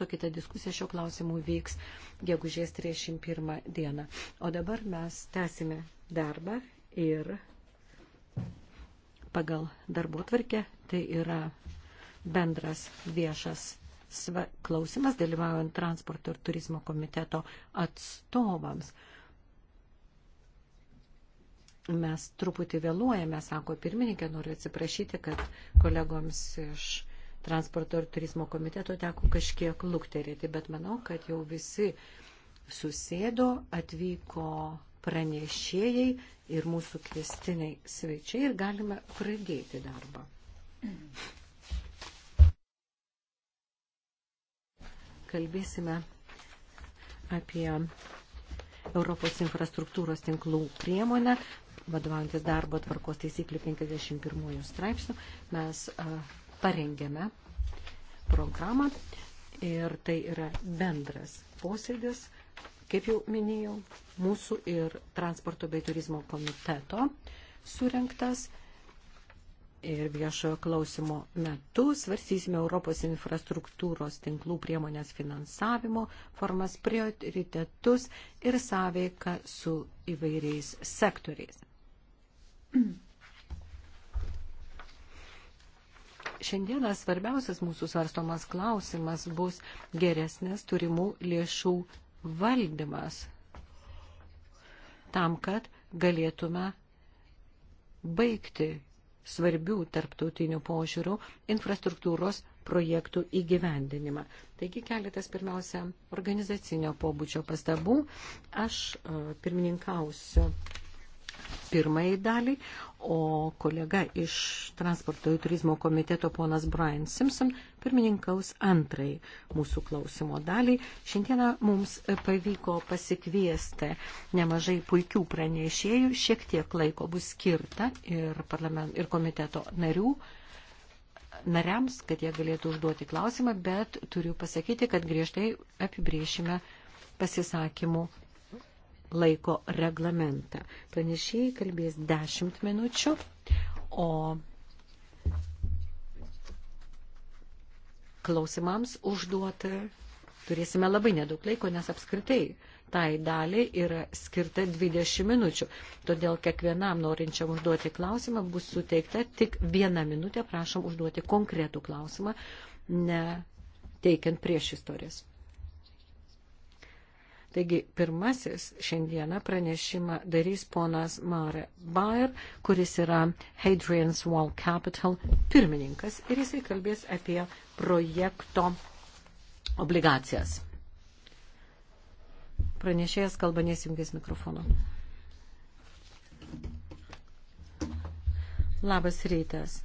O kita diskusija šio klausimu vyks gegužės 31 dieną. O dabar mes tęsime darbą ir pagal darbo tvarkę tai yra bendras viešas klausimas, dalyvaujant transporto ir turizmo komiteto atstovams. Mes truputį vėluojame, sako pirmininkė, noriu atsiprašyti, kad kolegoms iš transporto ir turizmo komiteto teko kažkiek lukterėti, bet manau, kad jau visi susėdo, atvyko pranešėjai ir mūsų kvestiniai svečiai ir galime pradėti darbą. Kalbėsime apie Europos infrastruktūros tinklų priemonę, vadovantis darbo tvarkos taisyklių 51 straipsnių. Mes uh, parengėme programą ir tai yra bendras posėdis, kaip jau minėjau, mūsų ir transporto bei turizmo komiteto surinktas ir viešojo klausimo metu svarstysime Europos infrastruktūros tinklų priemonės finansavimo formas, prioritetus ir sąveiką su įvairiais sektoriais. šiandieną svarbiausias mūsų svarstomas klausimas bus geresnės turimų lėšų valdymas tam, kad galėtume baigti svarbių tarptautinių požiūrių infrastruktūros projektų įgyvendinimą. Taigi keletas pirmiausia organizacinio pobūdžio pastabų. Aš e, pirmininkausiu pirmąjį dalį, o kolega iš transporto ir turizmo komiteto ponas Brian Simpson pirmininkaus antrai mūsų klausimo daliai. Šiandieną mums pavyko pasikviesti nemažai puikių pranešėjų, šiek tiek laiko bus skirta ir, ir komiteto narių nariams, kad jie galėtų užduoti klausimą, bet turiu pasakyti, kad griežtai apibriešime pasisakymų laiko reglamentą. Pranešėjai kalbės 10 minučių, o klausimams užduota turėsime labai nedaug laiko, nes apskritai tai daliai yra skirta 20 minučių. Todėl kiekvienam norinčiam užduoti klausimą bus suteikta tik viena minutė, prašom užduoti konkretų klausimą, ne teikiant prieš istorijas. Taigi pirmasis šiandieną pranešimą darys ponas Mare Bayer, kuris yra Hadrian's Wall Capital pirmininkas ir jisai kalbės apie projekto obligacijas. Pranešėjas kalba nesijungęs mikrofono. Labas rytas.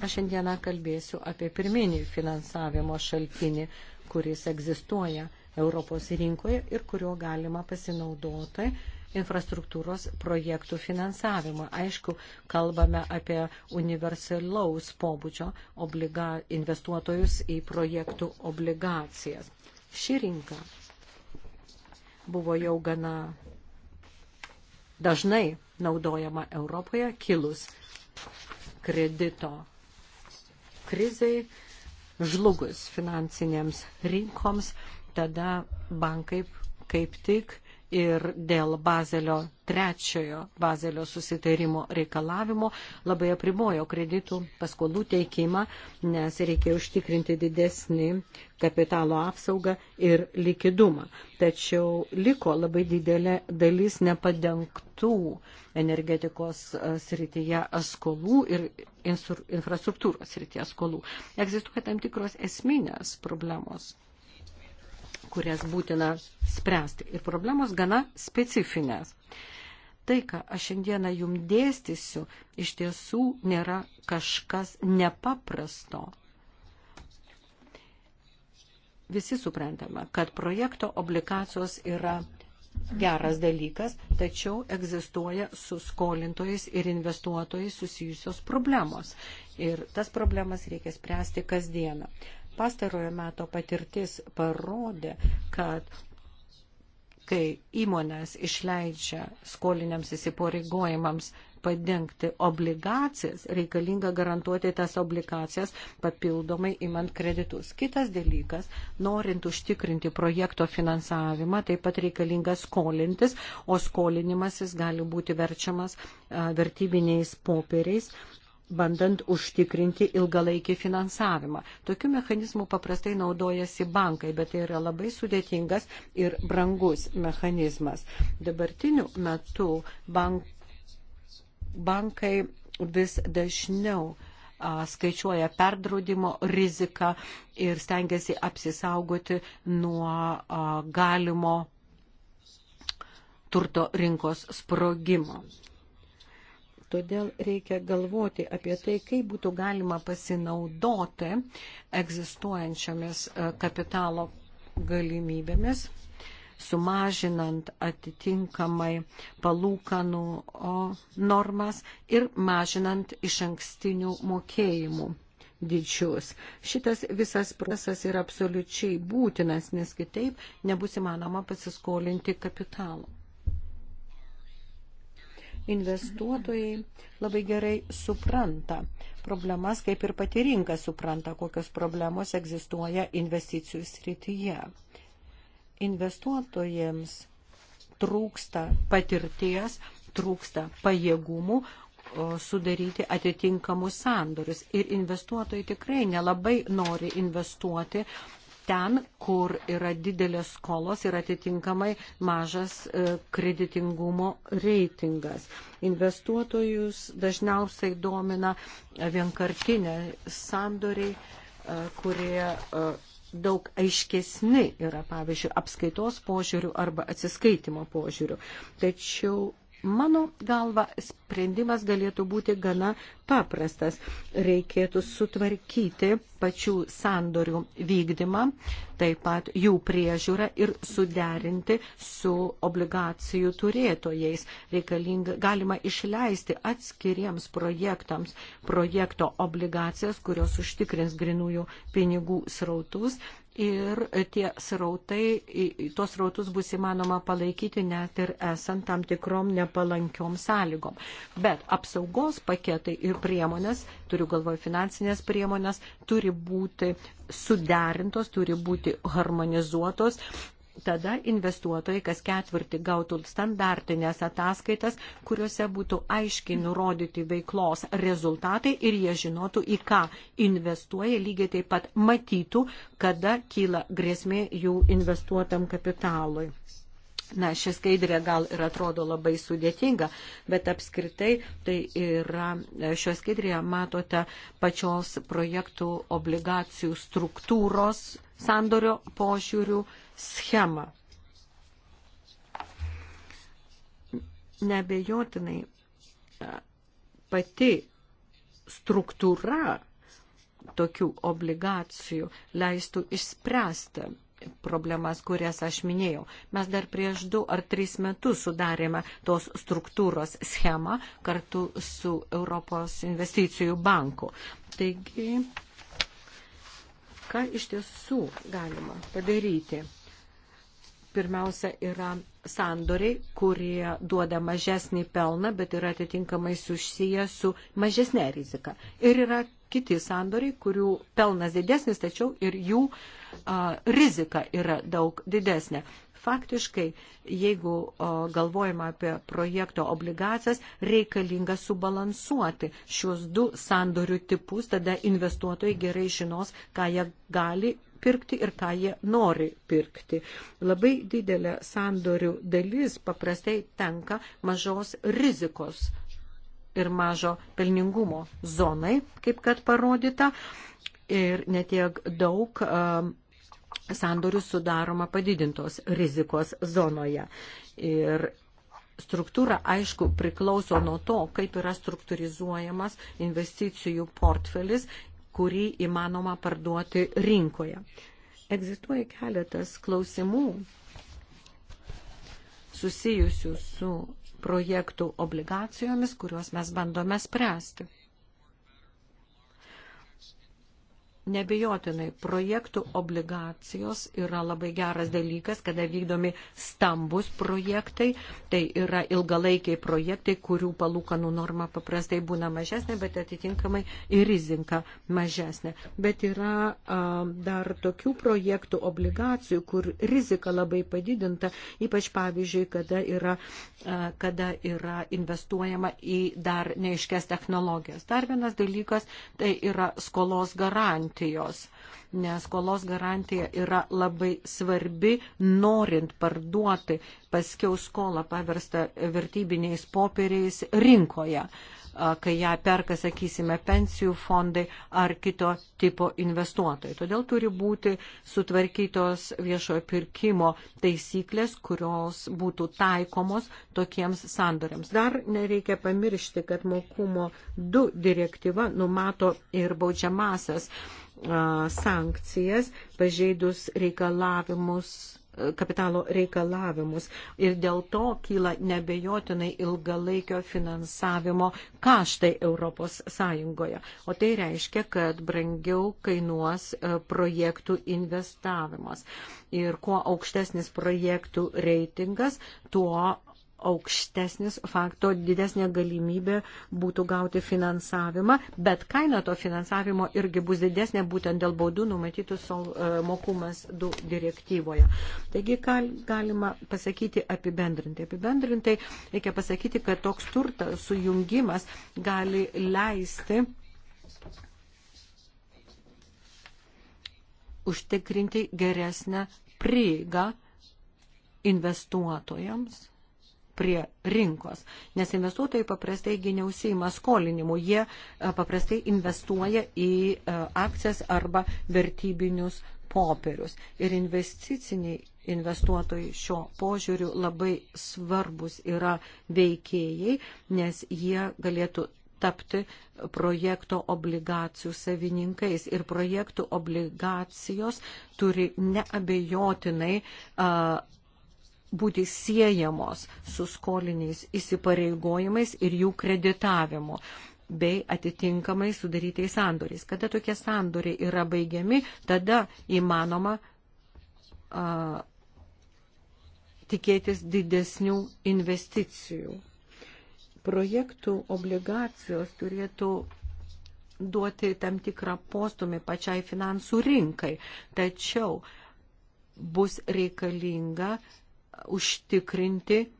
Aš šiandieną kalbėsiu apie pirminį finansavimo šaltinį, kuris egzistuoja Europos rinkoje ir kurio galima pasinaudoti infrastruktūros projektų finansavimą. Aišku, kalbame apie universalaus pobūdžio obliga, investuotojus į projektų obligacijas. Ši rinka buvo jau gana dažnai naudojama Europoje kilus kredito krizai, žlugus finansinėms rinkoms, tada bankai kaip tik ir dėl Bazelio trečiojo Bazelio susitarimo reikalavimo labai apribojo kreditų paskolų teikimą, nes reikėjo užtikrinti didesnį kapitalo apsaugą ir likidumą. Tačiau liko labai didelė dalis nepadengtų energetikos e, srityje skolų ir infrastruktūros srityje skolų. Egzistuoja tam tikros esminės problemos kurias būtina spręsti. Ir problemos gana specifinės. Tai, ką aš šiandieną jum dėstysiu, iš tiesų nėra kažkas nepaprasto. Visi suprantame, kad projekto obligacijos yra geras dalykas, tačiau egzistuoja su skolintojais ir investuotojais susijusios problemos. Ir tas problemas reikia spręsti kasdieną. Pastarojo meto patirtis parodė, kad kai įmonės išleidžia skoliniams įsipareigojimams padengti obligacijas, reikalinga garantuoti tas obligacijas papildomai imant kreditus. Kitas dalykas, norint užtikrinti projekto finansavimą, taip pat reikalinga skolintis, o skolinimasis gali būti verčiamas vertybiniais popieriais bandant užtikrinti ilgalaikį finansavimą. Tokių mechanizmų paprastai naudojasi bankai, bet tai yra labai sudėtingas ir brangus mechanizmas. Dabartiniu metu bank, bankai vis dažniau a, skaičiuoja perdraudimo riziką ir stengiasi apsisaugoti nuo a, galimo turto rinkos sprogimo. Todėl reikia galvoti apie tai, kaip būtų galima pasinaudoti egzistuojančiamis e, kapitalo galimybėmis sumažinant atitinkamai palūkanų normas ir mažinant iš ankstinių mokėjimų didžius. Šitas visas procesas yra absoliučiai būtinas, nes kitaip nebus įmanoma pasiskolinti kapitalo investuotojai labai gerai supranta problemas, kaip ir pati rinka supranta, kokios problemos egzistuoja investicijų srityje. Investuotojams trūksta patirties, trūksta pajėgumų, sudaryti atitinkamus sandorius. Ir investuotojai tikrai nelabai nori investuoti ten, kur yra didelės skolos ir atitinkamai mažas e, kreditingumo reitingas. Investuotojus dažniausiai domina vienkartiniai sandoriai, e, kurie e, daug aiškesni yra, pavyzdžiui, apskaitos požiūrių arba atsiskaitimo požiūrių. Tačiau Mano galva sprendimas galėtų būti gana paprastas. Reikėtų sutvarkyti pačių sandorių vykdymą, taip pat jų priežiūrą ir suderinti su obligacijų turėtojais. Reikalinga, galima išleisti atskiriems projektams projekto obligacijas, kurios užtikrins grinųjų pinigų srautus ir tie srautai, tuos srautus bus įmanoma palaikyti net ir esant tam tikrom nepalankiom sąlygom. Bet apsaugos paketai ir priemonės, turiu galvoje finansinės priemonės, turi būti suderintos, turi būti harmonizuotos Tada investuotojai kas ketvirtį gautų standartinės ataskaitas, kuriuose būtų aiškiai nurodyti veiklos rezultatai ir jie žinotų, į ką investuoja, lygiai taip pat matytų, kada kyla grėsmė jų investuotam kapitalui. Na, ši skaidrė gal ir atrodo labai sudėtinga, bet apskritai tai yra, šio skaidrėje matote pačios projektų obligacijų struktūros sandorio požiūrių schemą. Nebejotinai e, pati struktūra tokių obligacijų leistų išspręsti problemas, kurias aš minėjau. Mes dar prieš du ar tris metus sudarėme tos struktūros schemą kartu su Europos investicijų banku. Taigi Ką iš tiesų galima padaryti? Pirmiausia, yra sandoriai, kurie duoda mažesnį pelną, bet yra atitinkamai susiję su mažesnė rizika. Ir yra kiti sandoriai, kurių pelnas didesnis, tačiau ir jų a, rizika yra daug didesnė. Faktiškai, jeigu galvojama apie projekto obligacijas, reikalinga subalansuoti šiuos du sandorių tipus, tada investuotojai gerai žinos, ką jie gali pirkti ir ką jie nori pirkti. Labai didelė sandorių dalis paprastai tenka mažos rizikos ir mažo pelningumo zonai, kaip kad parodyta, ir netiek daug sandorių sudaroma padidintos rizikos zonoje. Ir struktūra, aišku, priklauso nuo to, kaip yra struktūrizuojamas investicijų portfelis, kurį įmanoma parduoti rinkoje. Egzistuoja keletas klausimų susijusių su projektų obligacijomis, kuriuos mes bandome spręsti. Nebejotinai, projektų obligacijos yra labai geras dalykas, kada vykdomi stambus projektai, tai yra ilgalaikiai projektai, kurių palūkanų norma paprastai būna mažesnė, bet atitinkamai ir rizinka mažesnė. Bet yra a, dar tokių projektų obligacijų, kur rizika labai padidinta, ypač pavyzdžiui, kada yra, a, kada yra investuojama į dar neiškės technologijas. Dar vienas dalykas tai yra skolos garantija garantijos, nes skolos garantija yra labai svarbi, norint parduoti paskiau skolą paverstą vertybiniais popieriais rinkoje kai ją perka, sakysime, pensijų fondai ar kito tipo investuotojai. Todėl turi būti sutvarkytos viešojo pirkimo taisyklės, kurios būtų taikomos tokiems sandoriams. Dar nereikia pamiršti, kad mokumo 2 direktyva numato ir baudžiamasias sankcijas, pažeidus reikalavimus kapitalo reikalavimus ir dėl to kyla nebejotinai ilgalaikio finansavimo kaštai Europos Sąjungoje. O tai reiškia, kad brangiau kainuos projektų investavimas. Ir kuo aukštesnis projektų reitingas, tuo aukštesnis fakto, didesnė galimybė būtų gauti finansavimą, bet kaina to finansavimo irgi bus didesnė būtent dėl baudų numatytų sol, e, mokumas 2 direktyvoje. Taigi galima pasakyti apibendrintai. Apibendrintai reikia pasakyti, kad toks turtas sujungimas gali leisti užtikrinti geresnę prieigą investuotojams prie rinkos. Nes investuotojai paprastai neužsima skolinimu, jie e, paprastai investuoja į e, akcijas arba vertybinius popierius. Ir investiciniai investuotojai šio požiūriu labai svarbus yra veikėjai, nes jie galėtų tapti projekto obligacijų savininkais. Ir projektų obligacijos turi neabejotinai uh, būti siejamos su skoliniais įsipareigojimais ir jų kreditavimu bei atitinkamai sudarytais sandoriais. Kada tokie sandoriai yra baigiami, tada įmanoma a, tikėtis didesnių investicijų. Projektų obligacijos turėtų duoti tam tikrą postumį pačiai finansų rinkai, tačiau bus reikalinga užtikrinti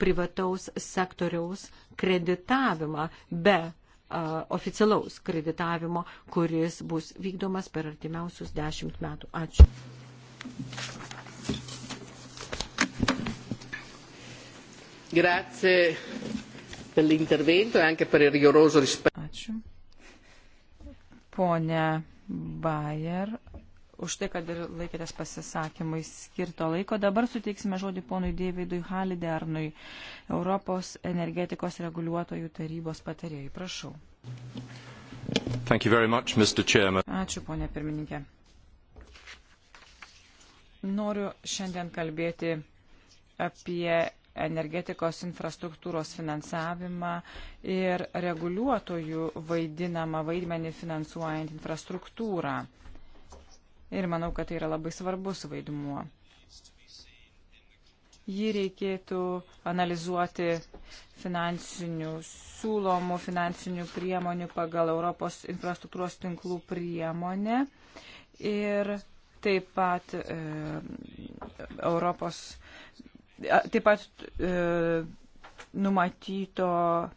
privataus sektoriaus kreditavimą be oficialaus kreditavimo, kuris bus vykdomas per artimiausius dešimt metų. Ačiū. Grazie per l'intervento e anche per il rigoroso rispetto. Ačiū. Pone Bayer, už tai, kad ir laikėtės pasisakymai skirto laiko. Dabar suteiksime žodį ponui Deividui Halidernui, Europos energetikos reguliuotojų tarybos patarėjai. Prašau. Much, Ačiū, ponė pirmininkė. Noriu šiandien kalbėti apie energetikos infrastruktūros finansavimą ir reguliuotojų vaidinamą vaidmenį finansuojant infrastruktūrą ir manau, kad tai yra labai svarbus vaidmuo. Jį reikėtų analizuoti finansinių siūlomų finansinių priemonių pagal Europos infrastruktūros tinklų priemonę ir taip pat e, Europos, taip pat e, numatyto e,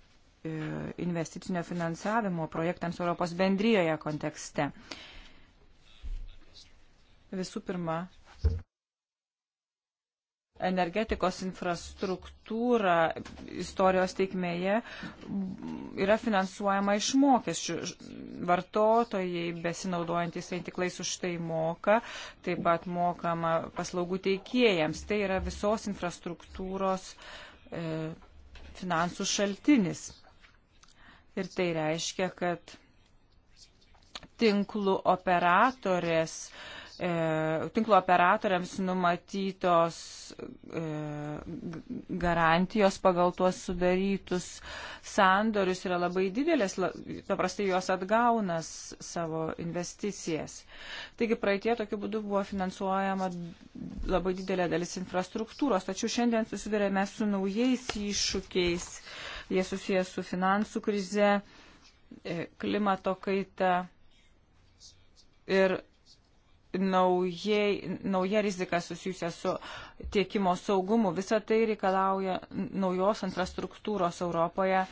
investicinio finansavimo projektams Europos bendryjoje kontekste. E, Visų pirma, energetikos infrastruktūra istorijos teikmėje yra finansuojama iš mokesčių. Vartotojai besinaudojantys reintiklais už tai moka, taip pat mokama paslaugų teikėjams. Tai yra visos infrastruktūros e, finansų šaltinis. Ir tai reiškia, kad tinklų operatorės e, e, tinklo operatoriams numatytos e, garantijos pagal tuos sudarytus sandorius yra labai didelės, paprastai jos atgaunas savo investicijas. Taigi praeitie tokiu būdu buvo finansuojama labai didelė dalis infrastruktūros, tačiau šiandien susidurėme su naujais iššūkiais jie susijęs su finansų krize, e, klimato kaita ir naujai, nauja rizika susijusia su tiekimo saugumu. Visą tai reikalauja naujos infrastruktūros Europoje,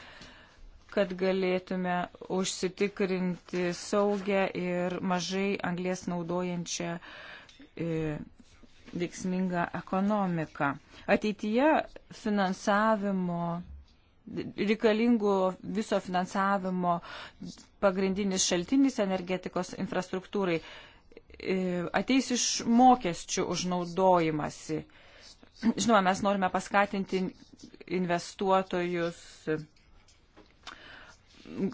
kad galėtume užsitikrinti saugę ir mažai anglės naudojančią e, veiksmingą ekonomiką. Ateityje finansavimo reikalingų viso finansavimo pagrindinis šaltinis energetikos infrastruktūrai E, ateis iš mokesčių už naudojimąsi. Žinoma, mes norime paskatinti investuotojus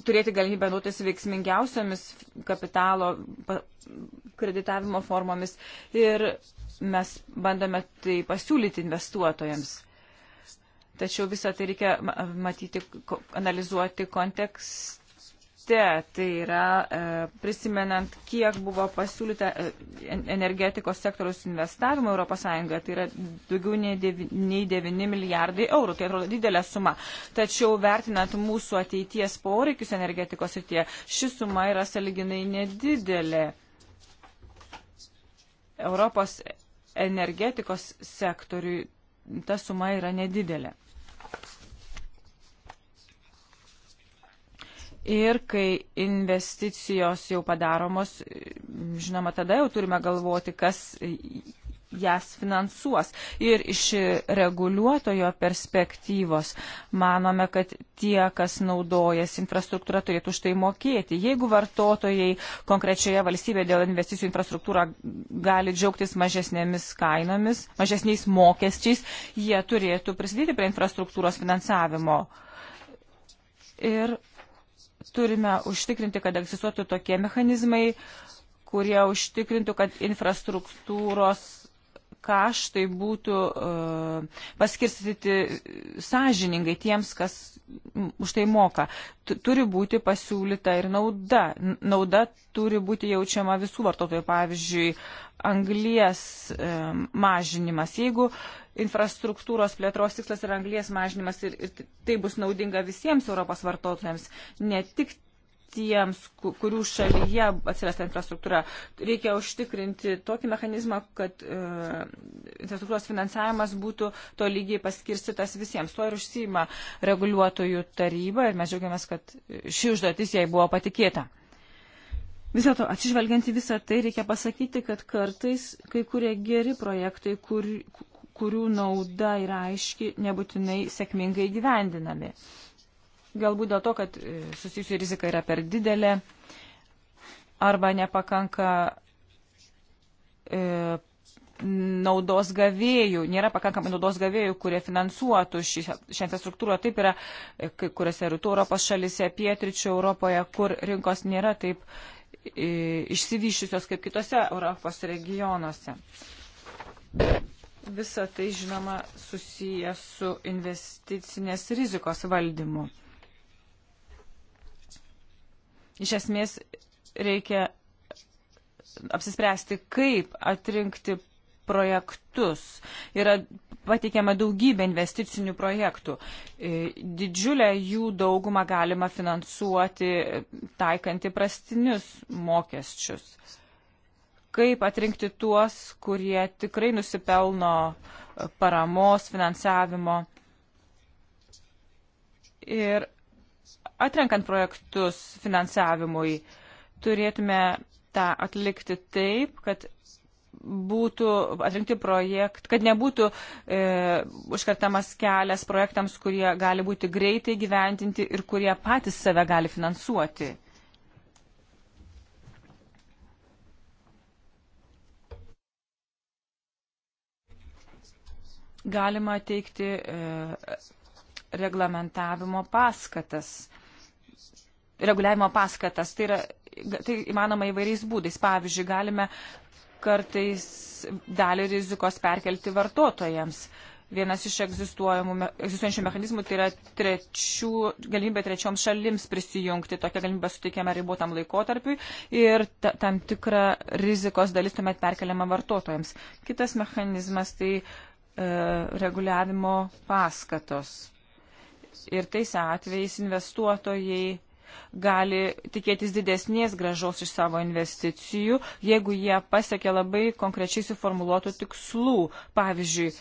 turėti galimybę naudotis veiksmingiausiamis kapitalo kreditavimo formomis ir mes bandome tai pasiūlyti investuotojams. Tačiau visą tai reikia matyti, analizuoti kontekst, kontekste, tai yra e, prisimenant, kiek buvo pasiūlyta e, energetikos sektoriaus investavimo ES, tai yra daugiau nei 9 milijardai eurų, tai atrodo didelė suma. Tačiau vertinant mūsų ateities poreikius energetikos srityje, ši suma yra saliginai nedidelė. Europos e-, energetikos sektoriui ta suma yra nedidelė. Ir kai investicijos jau padaromos, žinoma, tada jau turime galvoti, kas jas finansuos. Ir iš reguliuotojo perspektyvos manome, kad tie, kas naudojas infrastruktūrą, turėtų už tai mokėti. Jeigu vartotojai konkrečioje valstybėje dėl investicijų infrastruktūrą gali džiaugtis mažesnėmis kainomis, mažesniais mokesčiais, jie turėtų prisidėti prie infrastruktūros finansavimo. Ir turime užtikrinti, kad egzistuotų tokie mechanizmai, kurie užtikrintų, kad infrastruktūros kaštai būtų e, paskirstyti sąžiningai tiems, kas už tai moka. Turi būti pasiūlyta ir nauda. Nauda turi būti jaučiama visų vartotojų. Pavyzdžiui, anglies e, mažinimas. Jeigu infrastruktūros plėtros tikslas yra anglies mažinimas ir, ir tai bus naudinga visiems Europos vartotojams, ne tik tiems, kurių šalyje atsirasta infrastruktūra. Reikia užtikrinti tokį mechanizmą, kad e, infrastruktūros finansavimas būtų to lygiai paskirstytas visiems. Tuo ir užsima reguliuotojų taryba ir mes džiaugiamės, kad ši užduotis jai buvo patikėta. Vis dėlto, atsižvelgiant į visą tai, reikia pasakyti, kad kartais kai kurie geri projektai, kur, kurių nauda yra aiški, nebūtinai sėkmingai gyvendinami galbūt dėl to, kad e, susijusi rizika yra per didelė arba nepakanka e, naudos gavėjų, nėra pakankamai naudos gavėjų, kurie finansuotų šį, šią infrastruktūrą. Taip yra e, kai kuriuose rytų Europos šalise, pietričių Europoje, kur rinkos nėra taip e, išsivyščiusios kaip kitose Europos regionuose. Visa tai, žinoma, susijęs su investicinės rizikos valdymu. Iš esmės reikia apsispręsti, kaip atrinkti projektus. Yra pateikiama daugybė investicinių projektų. E, didžiulę jų daugumą galima finansuoti taikant įprastinius mokesčius. Kaip atrinkti tuos, kurie tikrai nusipelno paramos, finansavimo. Ir atrenkant projektus finansavimui, turėtume tą atlikti taip, kad būtų atrinkti projekt, kad nebūtų e, užkartamas kelias projektams, kurie gali būti greitai gyventinti ir kurie patys save gali finansuoti. Galima teikti e, reglamentavimo paskatas. Reguliavimo paskatas. Tai, yra, tai įmanoma įvairiais būdais. Pavyzdžiui, galime kartais dalį rizikos perkelti vartotojams. Vienas iš egzistuojančių mechanizmų tai yra trečių, galimybė trečioms šalims prisijungti. Tokia galimybė suteikiama ribotam laikotarpiui ir ta, tam tikra rizikos dalis tuomet perkeliama vartotojams. Kitas mechanizmas tai e, reguliavimo paskatos ir tais atvejais investuotojai gali tikėtis didesnės gražos iš savo investicijų, jeigu jie pasiekia labai konkrečiai suformuoluotų tikslų. Pavyzdžiui,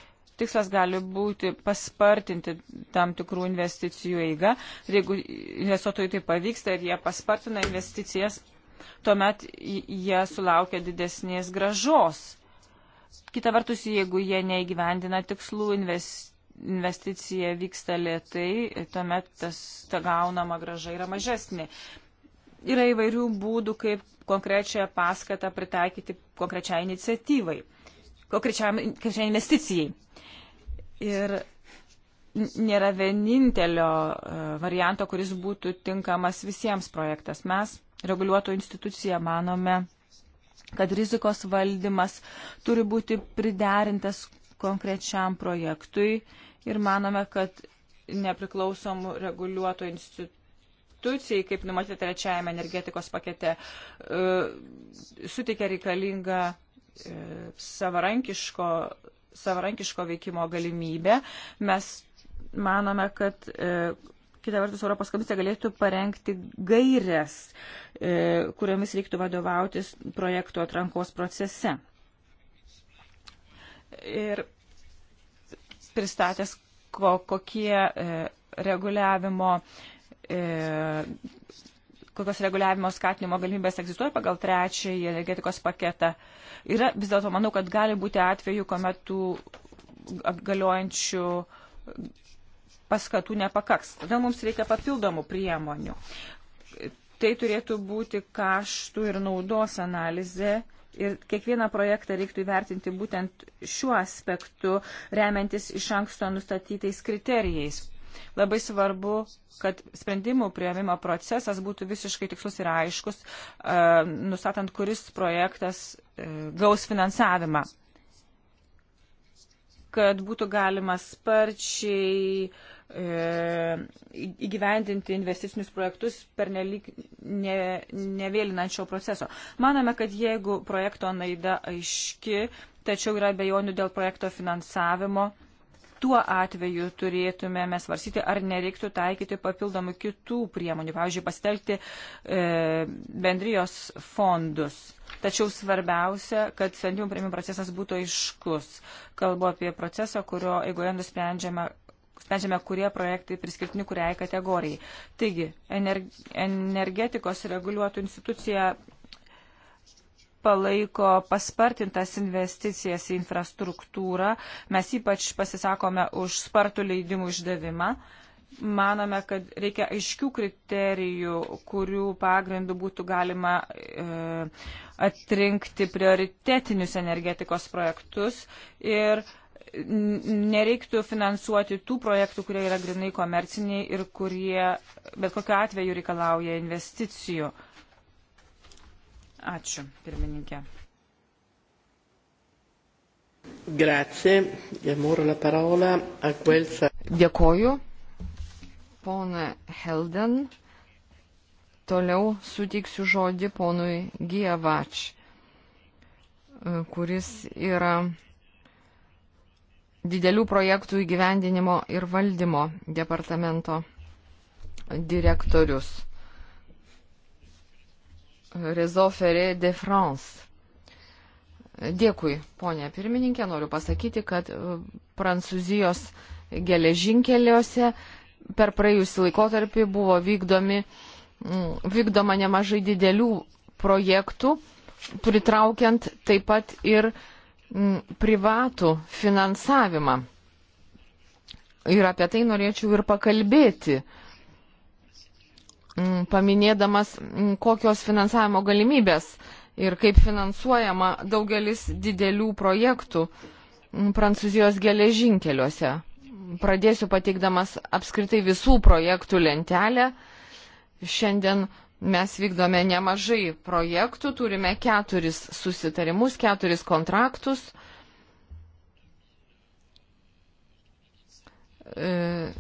tikslas gali būti paspartinti tam tikrų investicijų eigą ir jeigu investuotojai tai pavyksta ir jie paspartina investicijas, tuomet jie sulaukia didesnės gražos. Kita vertus, jeigu jie neįgyvendina tikslų, invest investicija vyksta lėtai, tuomet tas, ta gaunama graža yra mažesnė. Yra įvairių būdų, kaip konkrečią paskatą pritaikyti konkrečiai iniciatyvai, konkrečiai investicijai. Ir nėra vienintelio e, varianto, kuris būtų tinkamas visiems projektas. Mes, reguliuoto institucija, manome, kad rizikos valdymas turi būti priderintas konkrečiam projektui ir manome, kad nepriklausomų reguliuotojų institucijai, kaip numatyti trečiajame energetikos pakete, e, suteikia reikalingą e, savarankiško, savarankiško veikimo galimybę. Mes manome, kad e, kita vertus Europos komisija galėtų parengti gairias, kuriomis reiktų vadovautis projektų atrankos procese ir pristatęs, ko, kokie e, reguliavimo, e, kokios reguliavimo skatinimo galimybės egzistuoja pagal trečiąjį energetikos paketą. Yra vis dėlto, manau, kad gali būti atveju, kuomet tų galiojančių paskatų nepakaks. Todėl mums reikia papildomų priemonių. Tai turėtų būti kaštų ir naudos analizė. E, Ir kiekvieną projektą reiktų įvertinti būtent šiuo aspektu, remiantis iš anksto nustatytais kriterijais. Labai svarbu, kad sprendimų prieimimo procesas būtų visiškai tikslus ir aiškus, e, nustatant, kuris projektas e, gaus finansavimą. Kad būtų galima sparčiai uh, E, įgyvendinti investicinius projektus per nelik ne, nevėlinant šio proceso. Manome, kad jeigu projekto naida aiški, tačiau yra bejonių dėl projekto finansavimo, tuo atveju turėtumėme svarsyti, ar nereiktų taikyti papildomų kitų priemonių, pavyzdžiui, pasitelkti e, bendrijos fondus. Tačiau svarbiausia, kad sprendimų prieimimo procesas būtų aiškus. Kalbu apie procesą, kurio eigoje nusprendžiama, sprendžiame, kurie projektai priskirtini kuriai kategorijai. Taigi, energetikos reguliuotų institucija palaiko paspartintas investicijas į infrastruktūrą. Mes ypač pasisakome už spartų leidimų išdavimą. Manome, kad reikia aiškių kriterijų, kurių pagrindų būtų galima e, atrinkti prioritetinius energetikos projektus ir e, nereiktų finansuoti tų projektų, kurie yra grinai komerciniai ir kurie bet kokiu atveju reikalauja investicijų. Ačiū, pirmininkė. Grazie. Jamūro e la parola a Guelsa. Dėkoju. Pona Helden. Toliau sutiksiu žodį ponui Gievač, e, kuris yra didelių projektų įgyvendinimo ir valdymo departamento direktorius Rezo Ferré de France. Dėkui, ponė pirmininkė, noriu pasakyti, kad e, Prancūzijos geležinkeliuose per praėjusį laikotarpį buvo vykdomi, vykdoma nemažai didelių projektų, pritraukiant taip pat ir uh, privatų finansavimą. Ir apie tai norėčiau ir pakalbėti, paminėdamas, kokios finansavimo galimybės ir kaip finansuojama daugelis didelių projektų Prancūzijos geležinkeliuose. Pradėsiu pateikdamas apskritai visų projektų lentelę. Šiandien Mes vykdome nemažai projektų, turime keturis susitarimus, keturis kontraktus. E,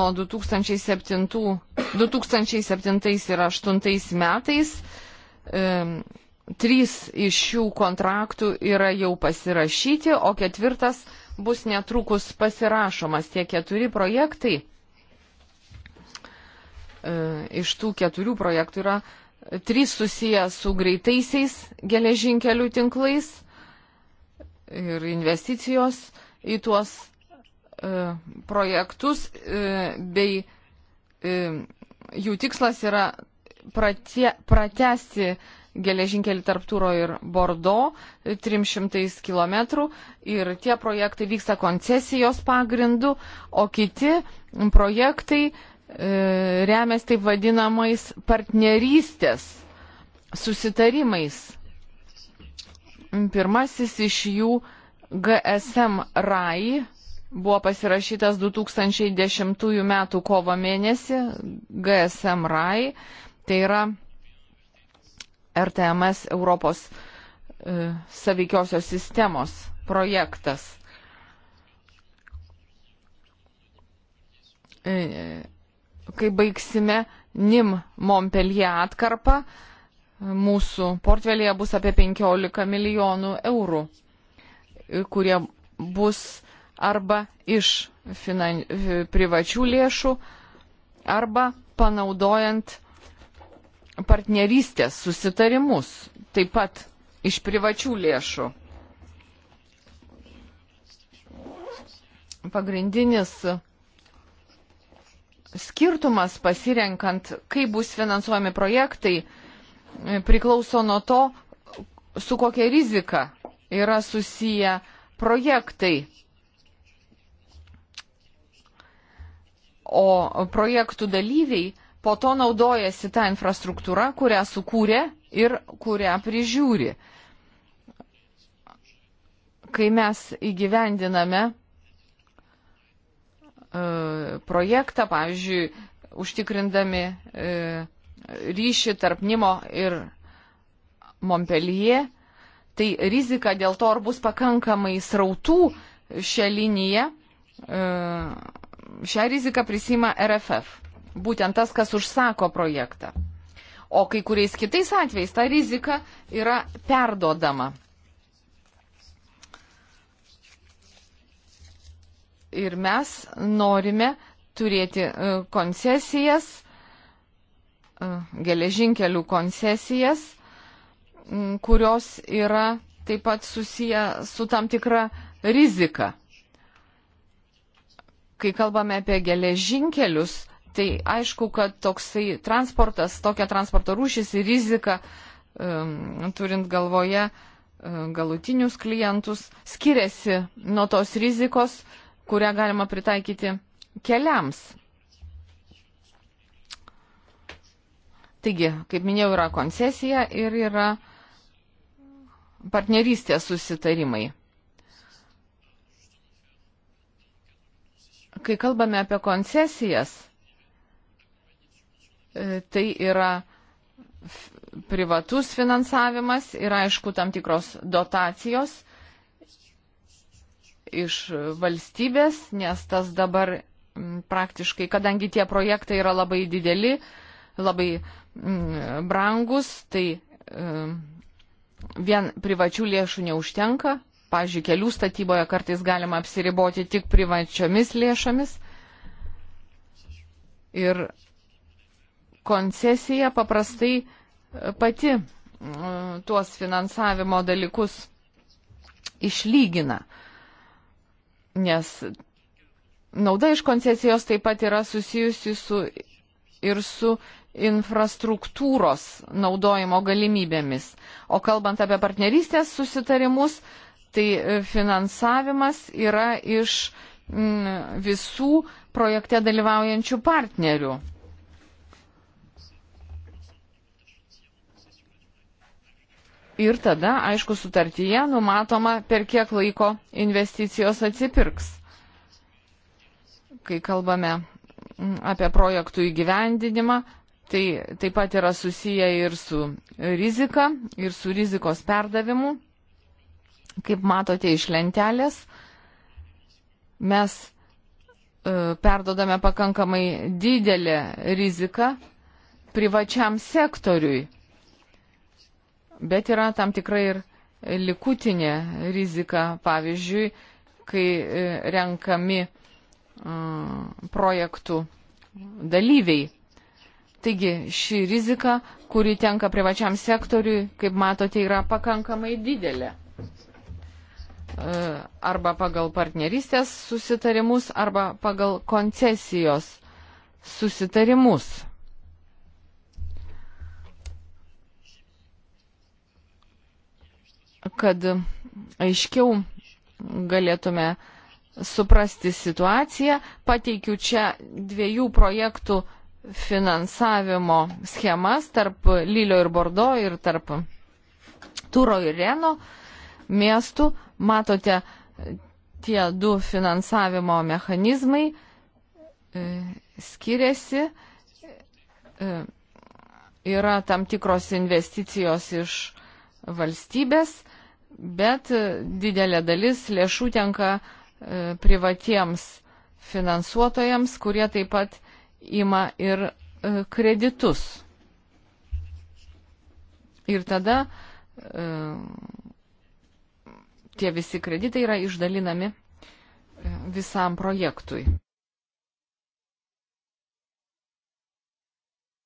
nuo 2007, 2007 ir 2008 metais e, trys iš šių kontraktų yra jau pasirašyti, o ketvirtas bus netrukus pasirašomas tie keturi projektai E, iš tų keturių projektų yra e, trys susiję su greitaisiais geležinkelių tinklais ir investicijos į tuos e, projektus e, bei e, jų tikslas yra pratie, pratesti geležinkelį tarp Tūro ir Bordo 300 km ir tie projektai vyksta koncesijos pagrindu, o kiti projektai e, E, remiasi taip vadinamais partnerystės susitarimais. Pirmasis iš jų GSM RAI buvo pasirašytas 2010 m. kovo mėnesį GSM RAI, tai yra RTMS Europos e, saveikiosios sistemos projektas. E, kai baigsime NIM Montpellier atkarpą, mūsų portfelėje bus apie 15 milijonų eurų, kurie bus arba iš finan... privačių lėšų, arba panaudojant partnerystės susitarimus, taip pat iš privačių lėšų. Pagrindinis skirtumas pasirenkant, kaip bus finansuojami projektai, e, priklauso nuo to, su kokia rizika yra susiję projektai. O projektų dalyviai po to naudojasi tą infrastruktūrą, kurią sukūrė ir kurią prižiūri. Kai mes įgyvendiname E, projektą, pavyzdžiui, užtikrindami e, ryšį tarp Nimo ir Montpellier, tai rizika dėl to, ar bus pakankamai srautų šią liniją, e, šią riziką prisima RFF. Būtent tas, kas užsako projektą. O kai kuriais kitais atvejais ta rizika yra perdodama ir mes norime turėti e, koncesijas, e, geležinkelių koncesijas, kurios yra taip pat susiję su tam tikra rizika. Kai kalbame apie geležinkelius, tai aišku, kad toksai transportas, tokia transporto rūšis ir rizika, e, turint galvoje galutinius klientus, skiriasi nuo tos rizikos, kurią galima pritaikyti keliams. Taigi, kaip minėjau, yra koncesija ir yra partnerystės susitarimai. Kai kalbame apie koncesijas, e, tai yra privatus finansavimas ir aišku tam tikros dotacijos iš valstybės, nes tas dabar mm, praktiškai, kadangi tie projektai yra labai dideli, labai mm, brangus, tai mm, vien privačių lėšų neužtenka. Pavyzdžiui, kelių statyboje kartais galima apsiriboti tik privačiomis lėšomis. Ir koncesija paprastai e, pati tuos finansavimo dalykus išlygina nes nauda iš koncesijos taip pat yra susijusi su ir su infrastruktūros naudojimo galimybėmis. O kalbant apie partnerystės susitarimus, tai finansavimas yra iš mm, visų projekte dalyvaujančių partnerių. ir tada, aišku, sutartyje numatoma, per kiek laiko investicijos atsipirks. Kai kalbame apie projektų įgyvendinimą, tai taip pat yra susiję ir su rizika, ir su rizikos perdavimu. Kaip matote iš lentelės, mes e, perdodame pakankamai didelę riziką privačiam sektoriui bet yra tam tikra ir likutinė rizika, pavyzdžiui, kai e, renkami e, projektų dalyviai. Taigi ši rizika, kuri tenka privačiam sektoriui, kaip matote, yra pakankamai didelė. E, arba pagal partnerystės susitarimus, arba pagal koncesijos susitarimus. kad aiškiau galėtume suprasti situaciją, pateikiu čia dviejų projektų finansavimo schemas tarp Lilio ir Bordo ir tarp Turo ir Reno miestų. Matote, tie du finansavimo mechanizmai e, skiriasi. E, yra tam tikros investicijos iš valstybės bet didelė dalis lėšų tenka e, privatiems finansuotojams, kurie taip pat ima ir e, kreditus. Ir tada e, tie visi kreditai yra išdalinami visam projektui.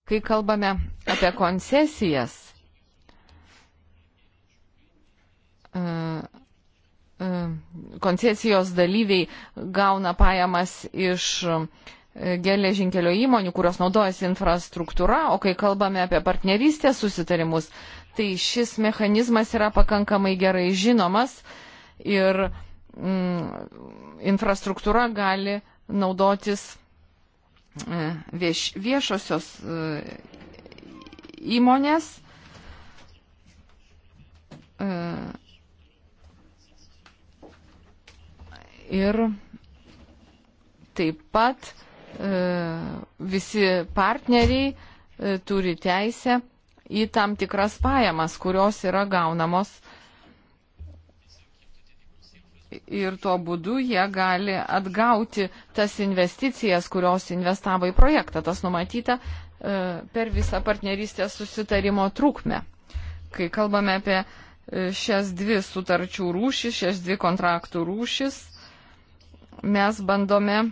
Kai kalbame apie koncesijas, E, e, koncesijos dalyviai gauna pajamas iš e, geležinkelio įmonių, kurios naudojasi infrastruktūra, o kai kalbame apie partnerystės susitarimus, tai šis mechanizmas yra pakankamai gerai žinomas ir mm, infrastruktūra gali naudotis vieš, viešosios įmonės. E, ir taip pat e, visi partneriai e, turi teisę į tam tikras pajamas, kurios yra gaunamos ir tuo būdu jie gali atgauti tas investicijas, kurios investavo į projektą. Tas numatyta e, per visą partnerystės susitarimo trukmę. Kai kalbame apie šias dvi sutarčių rūšis, šias dvi kontraktų rūšis, mes bandome e,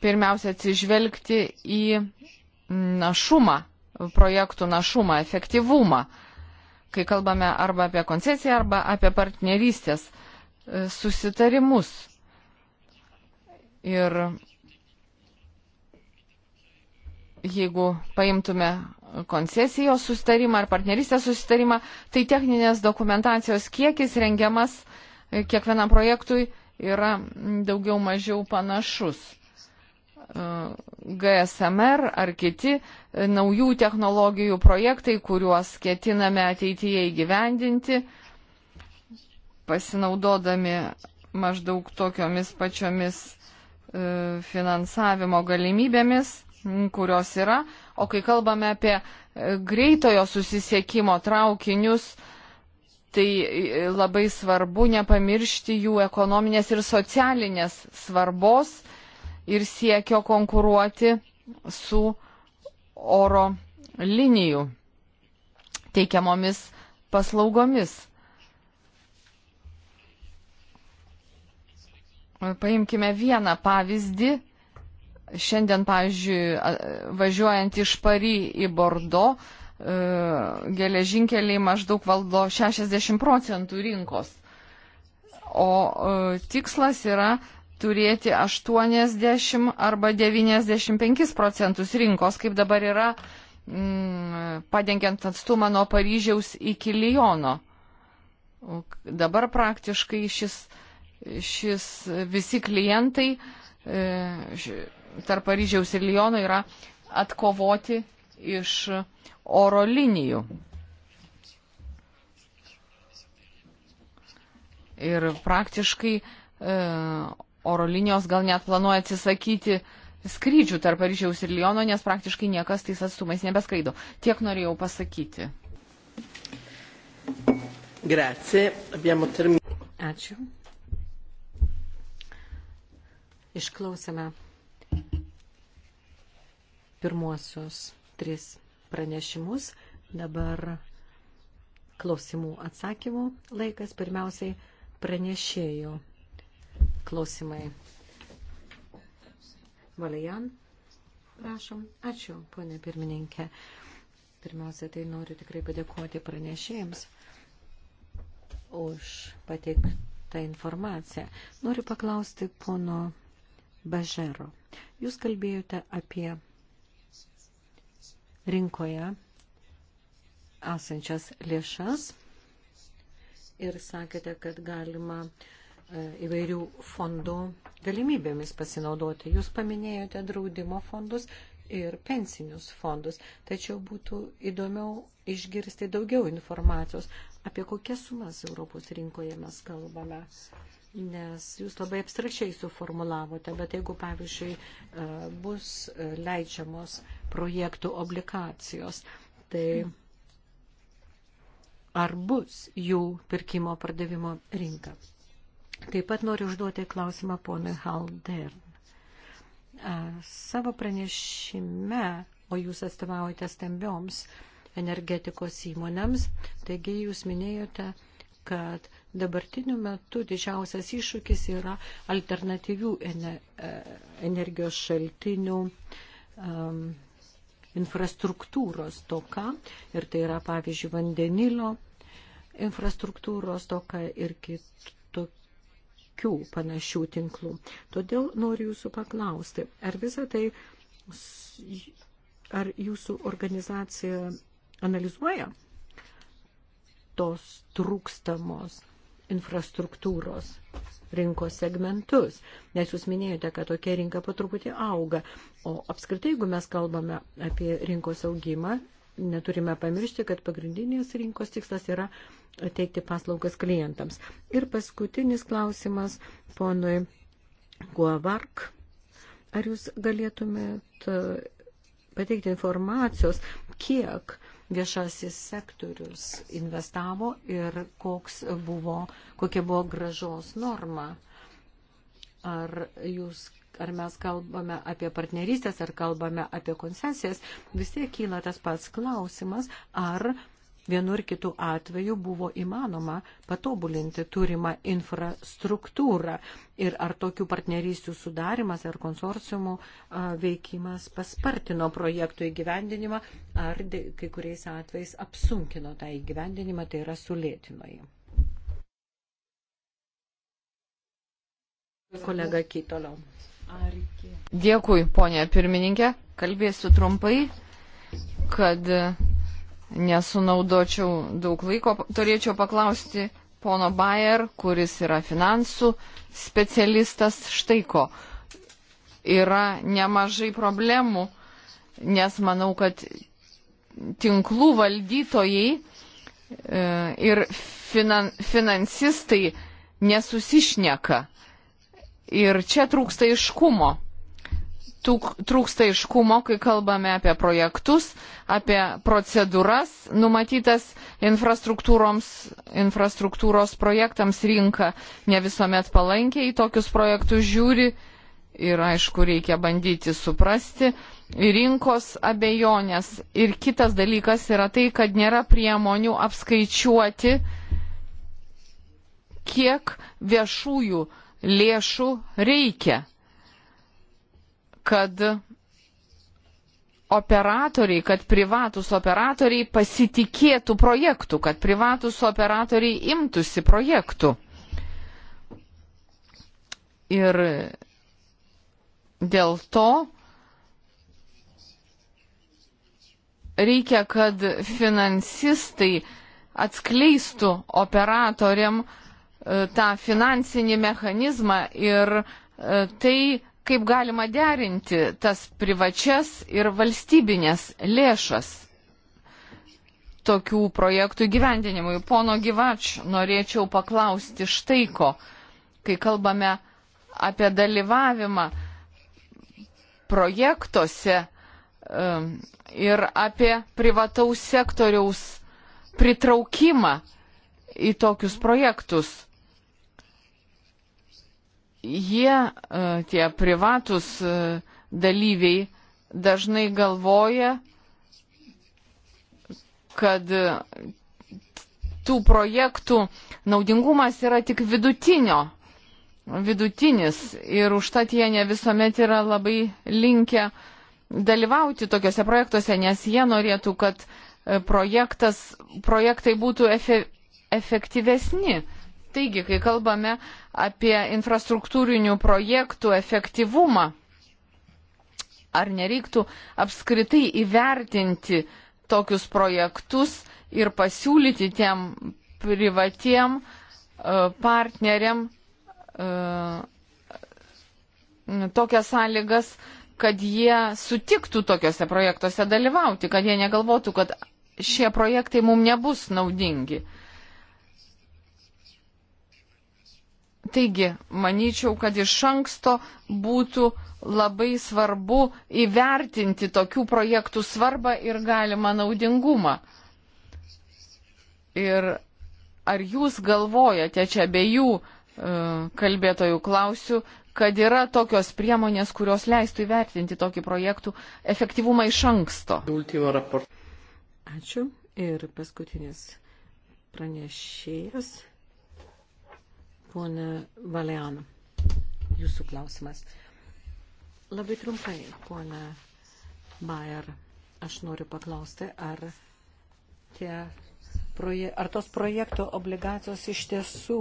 pirmiausia atsižvelgti į našumą, projektų našumą, efektyvumą, kai kalbame arba apie koncesiją, arba apie partnerystės e, susitarimus. Ir jeigu paimtume koncesijos susitarimą ar partnerystės susitarimą, tai techninės dokumentacijos kiekis rengiamas uh, kiekvienam projektui yra daugiau mažiau panašus. E, GSMR ar kiti e, naujų technologijų projektai, kuriuos ketiname ateityje įgyvendinti, pasinaudodami maždaug tokiomis pačiomis e, finansavimo galimybėmis, kurios yra. O kai kalbame apie greitojo susisiekimo traukinius, Tai e, labai svarbu nepamiršti jų ekonominės ir socialinės svarbos ir siekio konkuruoti su oro linijų teikiamomis paslaugomis. Paimkime vieną pavyzdį. Šiandien, pavyzdžiui, važiuojant iš Pary į Bordo, E, geležinkeliai maždaug valdo 60 procentų rinkos. O e, tikslas yra turėti 80 arba 95 procentus rinkos, kaip dabar yra m, mm, padengiant atstumą nuo Paryžiaus iki Lijono. Dabar praktiškai šis, šis visi klientai e, tarp Paryžiaus ir Lijono yra atkovoti iš oro linijų. Ir praktiškai e, oro linijos gal net planuoja atsisakyti skrydžių tarp Paryžiaus ir Lyono, nes praktiškai niekas tais atstumais nebeskraido. Tiek norėjau pasakyti. Grazie, abbiamo terminato. Ačiū. Išklausėme pirmuosius tris pranešimus. Dabar klausimų atsakymų laikas. Pirmiausiai pranešėjų klausimai. Valijan, prašom. Ačiū, ponė pirmininkė. Pirmiausia, tai noriu tikrai padėkoti pranešėjams už pateiktą informaciją. Noriu paklausti pono Bažero. Jūs kalbėjote apie rinkoje esančias lėšas ir sakėte, kad galima e, įvairių fondų galimybėmis pasinaudoti. Jūs paminėjote draudimo fondus ir pensinius fondus, tačiau būtų įdomiau išgirsti daugiau informacijos, apie kokias sumas Europos rinkoje mes kalbame. Nes jūs labai abstrakčiai suformulavote, bet jeigu, pavyzdžiui, e, bus e, leidžiamos projektų obligacijos. Tai ar bus jų pirkimo pardavimo rinka? Taip pat noriu užduoti klausimą ponui Haldern. Savo pranešime, o jūs atstovaujate stambioms energetikos įmonėms, taigi jūs minėjote, kad dabartiniu metu didžiausias iššūkis yra alternatyvių e, energijos šaltinių um, infrastruktūros toka ir tai yra pavyzdžiui vandenilio infrastruktūros toka ir kitokių panašių tinklų. Todėl noriu jūsų paklausti, ar visą tai, ar jūsų organizacija analizuoja tos trūkstamos infrastruktūros rinkos segmentus, nes jūs minėjote, kad tokia rinka po truputį auga. O apskritai, jeigu mes kalbame apie rinkos augimą, neturime pamiršti, kad pagrindinės rinkos tikslas yra teikti paslaugas klientams. Ir paskutinis klausimas ponui Guavark. Ar jūs galėtumėt uh, pateikti informacijos, kiek viešasis sektorius investavo ir koks buvo, kokia buvo gražos norma. Ar jūs ar mes kalbame apie partnerystės, ar kalbame apie koncesijas, vis tiek kyla tas pats klausimas, ar vienu ir kitu atveju buvo įmanoma patobulinti turimą infrastruktūrą ir ar tokių partnerystių sudarimas ar konsorciumų veikimas paspartino projektų įgyvendinimą ar kai kuriais atvejais apsunkino tą įgyvendinimą, tai yra sulėtino jį. Kolega Kytolio. Dėkui, ponė pirmininkė. Kalbėsiu trumpai, kad nesunaudočiau daug laiko, turėčiau paklausti pono Bayer, kuris yra finansų specialistas štai ko. Yra nemažai problemų, nes manau, kad tinklų valdytojai e, ir finan, finansistai nesusišneka. Ir čia trūksta iškumo trūksta iškumo, kai kalbame apie projektus, apie procedūras numatytas infrastruktūros projektams rinka ne visuomet palankiai į tokius projektus žiūri ir aišku reikia bandyti suprasti rinkos abejonės. Ir kitas dalykas yra tai, kad nėra priemonių apskaičiuoti, kiek viešųjų lėšų reikia kad operatoriai, kad privatus operatoriai pasitikėtų projektų, kad privatus operatoriai imtųsi projektų. Ir dėl to reikia, kad finansistai atskleistų operatoriam e, tą finansinį mechanizmą ir e, tai kaip galima derinti tas privačias ir valstybinės lėšas tokių projektų įgyvendinimui. Pono Gyvač, norėčiau paklausti štai ko, kai kalbame apie dalyvavimą projektuose um, ir apie privataus sektoriaus pritraukimą į tokius projektus jie, e, tie privatus e, dalyviai, dažnai galvoja, kad e, tų projektų naudingumas yra tik vidutinio, vidutinis ir užtat jie ne visuomet yra labai linkę dalyvauti tokiuose projektuose, nes jie norėtų, kad projektas, projektai būtų efe, efektyvesni. Taigi, kai kalbame apie infrastruktūrinių projektų efektyvumą, ar nereiktų apskritai įvertinti tokius projektus ir pasiūlyti tiem privatiem e, partneriam e, tokias sąlygas, kad jie sutiktų tokiuose projektuose dalyvauti, kad jie negalvotų, kad šie projektai mums nebus naudingi. Taigi, manyčiau, kad iš anksto būtų labai svarbu įvertinti tokių projektų svarbą ir galimą naudingumą. Ir ar jūs galvojate, čia abiejų e, kalbėtojų klausiu, kad yra tokios priemonės, kurios leistų įvertinti tokį projektų efektyvumą iš anksto? Ačiū. Ir paskutinis pranešėjas Pone Valeano, jūsų klausimas. Labai trumpai, pone Bayer, aš noriu paklausti, ar, tie, proje, ar tos projekto obligacijos iš tiesų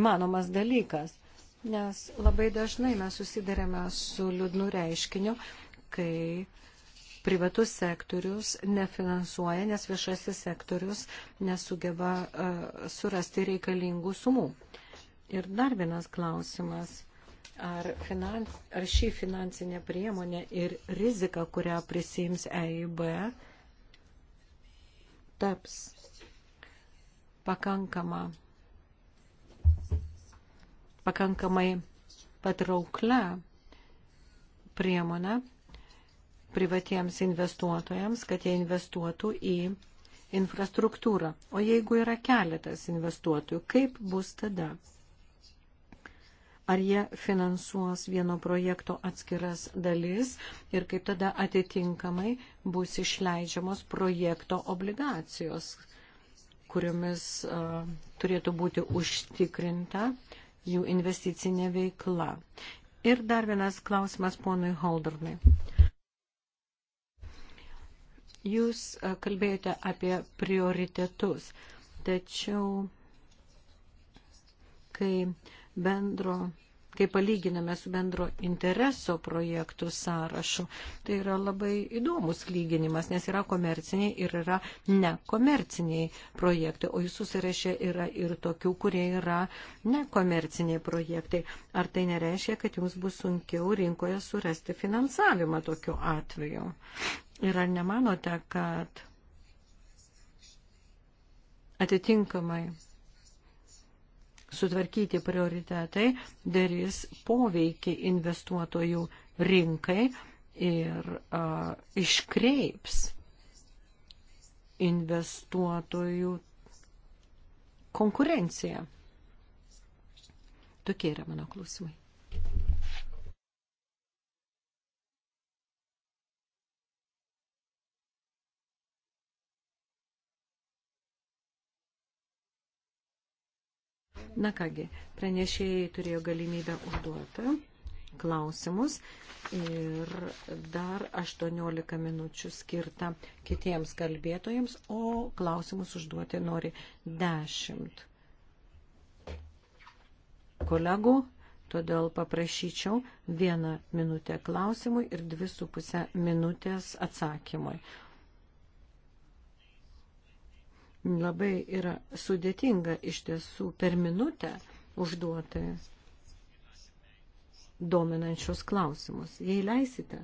įmanomas dalykas, nes labai dažnai mes susidarėme su liūdnu reiškiniu, kai privatus sektorius nefinansuoja, nes viešasis sektorius nesugeba e, surasti reikalingų sumų. Ir dar vienas klausimas ar, finans, ar šį finansinę priemonę ir riziką, kurią prisims EIB, taps pakankama, pakankamai patrauklia priemonė privatiems investuotojams, kad jie investuotų į infrastruktūrą. O jeigu yra keletas investuotojų, kaip bus tada? Ar jie finansuos vieno projekto atskiras dalis ir kaip tada atitinkamai bus išleidžiamos projekto obligacijos, kuriomis uh, turėtų būti užtikrinta jų investicinė veikla. Ir dar vienas klausimas ponui Holdernui. Uh, Jūs e, kalbėjote apie prioritetus, tačiau kai bendro kai palyginame su bendro intereso projektų sąrašu, tai yra labai įdomus lyginimas, nes yra komerciniai ir yra nekomerciniai projektai, o jūsų sąraše yra ir tokių, kurie yra nekomerciniai projektai. Ar tai nereiškia, kad jums bus sunkiau rinkoje surasti finansavimą tokiu atveju? Ir ar nemanote, kad atitinkamai sutvarkyti prioritetai darys poveikį investuotojų rinkai ir uh, iškreips investuotojų konkurenciją. Tokie yra mano klausimai. Na kągi, pranešėjai turėjo galimybę užduoti klausimus ir dar 18 minučių skirta kitiems kalbėtojams, o klausimus užduoti nori 10 kolegų, todėl paprašyčiau vieną minutę klausimui ir dvi su pusę minutės atsakymui labai yra sudėtinga iš tiesų per minutę užduoti dominančius klausimus. Jei leisite,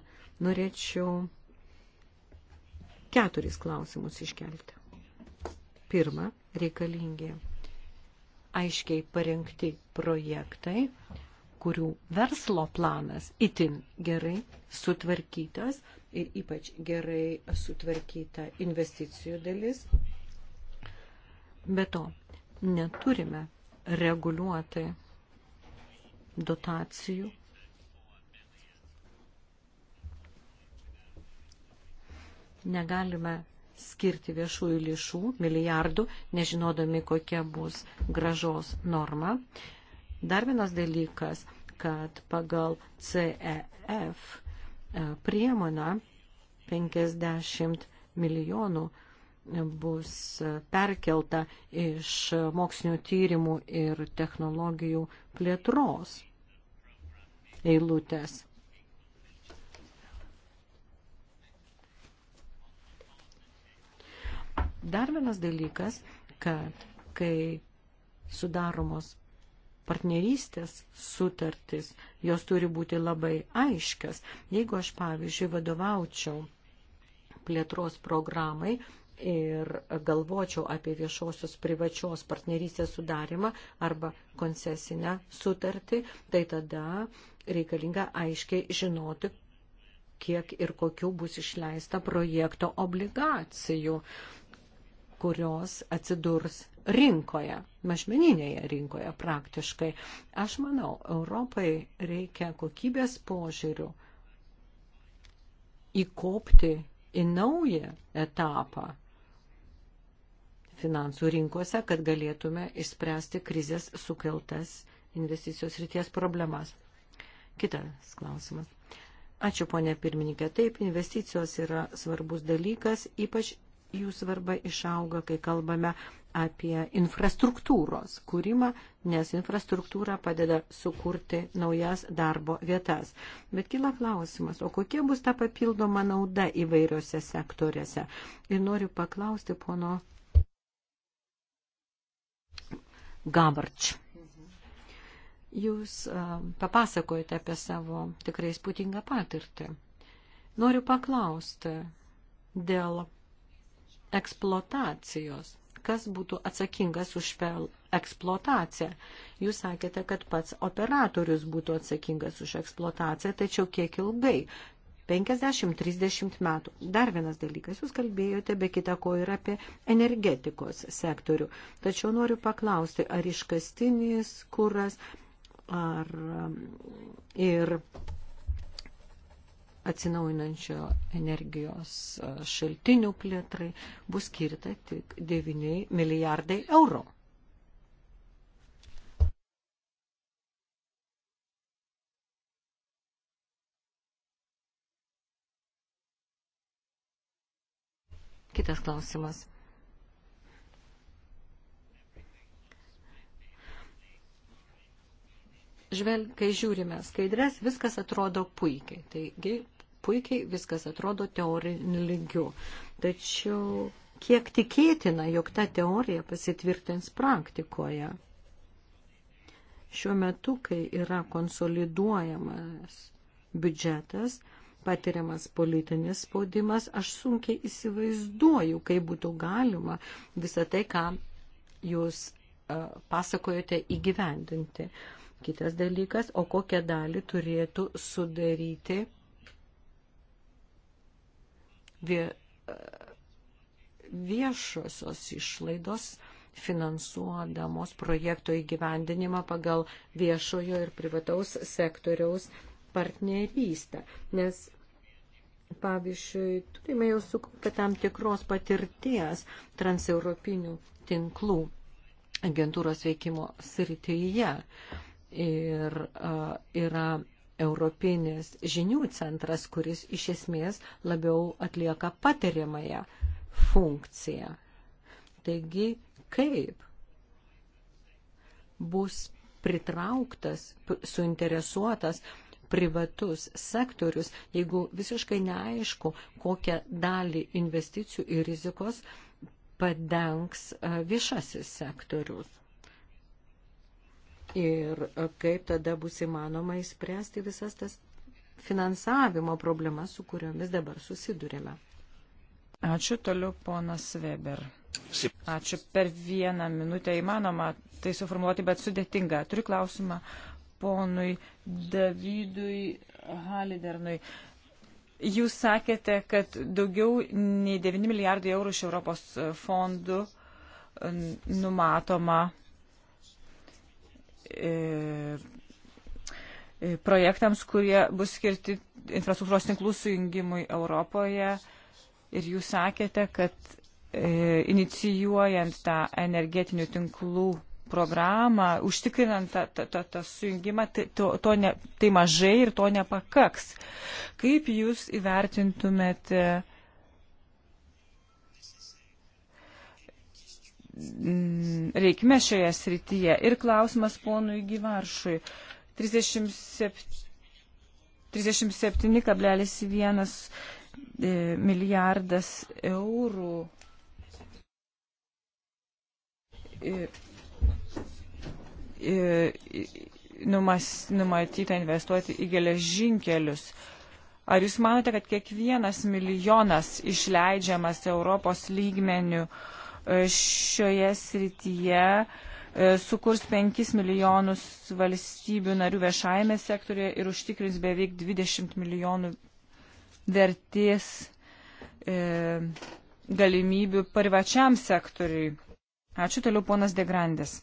norėčiau keturis klausimus iškelti. Pirma, reikalingi aiškiai parengti projektai, kurių verslo planas itin gerai sutvarkytas ir ypač gerai sutvarkyta investicijų dalis Be to, neturime reguliuoti dotacijų. Negalime skirti viešųjų lėšų, milijardų, nežinodami, kokia bus gražos norma. Dar vienas dalykas, kad pagal CEF e, priemoną 50 milijonų bus perkelta iš mokslinio tyrimų ir technologijų plėtros eilutės. Dar vienas dalykas, kad kai sudaromos partnerystės sutartis, jos turi būti labai aiškios. Jeigu aš, pavyzdžiui, vadovaučiau plėtros programai, ir galvočiau apie viešosios privačios partnerystės sudarimą arba koncesinę sutartį, tai tada reikalinga aiškiai žinoti, kiek ir kokių bus išleista projekto obligacijų, kurios atsidurs rinkoje, mažmeninėje rinkoje praktiškai. Aš manau, Europai reikia kokybės požiūrių įkopti į naują etapą finansų rinkose, kad galėtume išspręsti krizės sukeltas investicijos ryties problemas. Kitas klausimas. Ačiū, ponė pirmininkė. Taip, investicijos yra svarbus dalykas, ypač jų svarba išauga, kai kalbame apie infrastruktūros kūrimą, nes infrastruktūra padeda sukurti naujas darbo vietas. Bet kyla klausimas, o kokia bus ta papildoma nauda įvairiose sektoriuose? Ir noriu paklausti pono Gabarč. Jūs papasakojate apie savo tikrai spūdingą patirtį. Noriu paklausti dėl eksploatacijos. Kas būtų atsakingas už eksploataciją? Jūs sakėte, kad pats operatorius būtų atsakingas už eksploataciją, tačiau kiek ilgai? 50-30 metų. Dar vienas dalykas, jūs kalbėjote be kita ko ir apie energetikos sektorių. Tačiau noriu paklausti, ar iškastinis kuras ar ir atsinaujinančio energijos šaltinių plėtrai bus skirta tik 9 milijardai eurų. Kitas klausimas. žvelg, kai žiūrime skaidrės, viskas atrodo puikiai. Taigi, puikiai viskas atrodo teoriniu lygiu. Tačiau kiek tikėtina, jog ta teorija pasitvirtins praktikoje? Šiuo metu, kai yra konsoliduojamas biudžetas, patiriamas politinis spaudimas, aš sunkiai įsivaizduoju, kaip būtų galima visą tai, ką jūs pasakojote įgyvendinti. Kitas dalykas, o kokią dalį turėtų sudaryti vie, viešosios išlaidos finansuodamos projekto įgyvendinimą pagal viešojo ir privataus sektoriaus partnerystę, nes pavyzdžiui, turime jau sukaupę tam tikros patirties transeuropinių tinklų agentūros veikimo srityje. Ir uh, yra Europinis žinių centras, kuris iš esmės labiau atlieka patariamąją funkciją. Taigi, kaip bus pritrauktas, suinteresuotas uh, privatus sektorius, jeigu visiškai neaišku, kokią dalį investicijų ir rizikos padengs viešasis sektorius. Ir kaip tada bus įmanoma įspręsti visas tas finansavimo problemas, su kuriomis dabar susidurėme. Ačiū toliau, ponas Weber. Ačiū per vieną minutę įmanoma tai suformuoluoti, bet sudėtinga. Turiu klausimą ponui Davydui Halidernui. Jūs sakėte, kad daugiau nei 9 milijardai eurų iš Europos fondų e, numatoma e, e, projektams, kurie bus skirti infrastruktūros tinklų sujungimui Europoje. Ir jūs sakėte, kad inicijuojant tą energetinių tinklų programą, užtikrinant tą, tą, tą, tą sujungimą, tai, to, to ne, tai mažai ir to nepakaks. Kaip jūs įvertintumėte mm, reikime šioje srityje? Ir klausimas ponui Gyvaršui. 37,1 37, e, milijardas eurų e, numas, numatyta investuoti į geležinkelius. Ar jūs manote, kad kiekvienas milijonas išleidžiamas Europos lygmenių e, šioje srityje e, sukurs 5 milijonus valstybių narių viešajame sektorėje ir užtikrins beveik 20 milijonų vertės e, galimybių privačiam sektoriui? Ačiū toliau ponas Degrandis.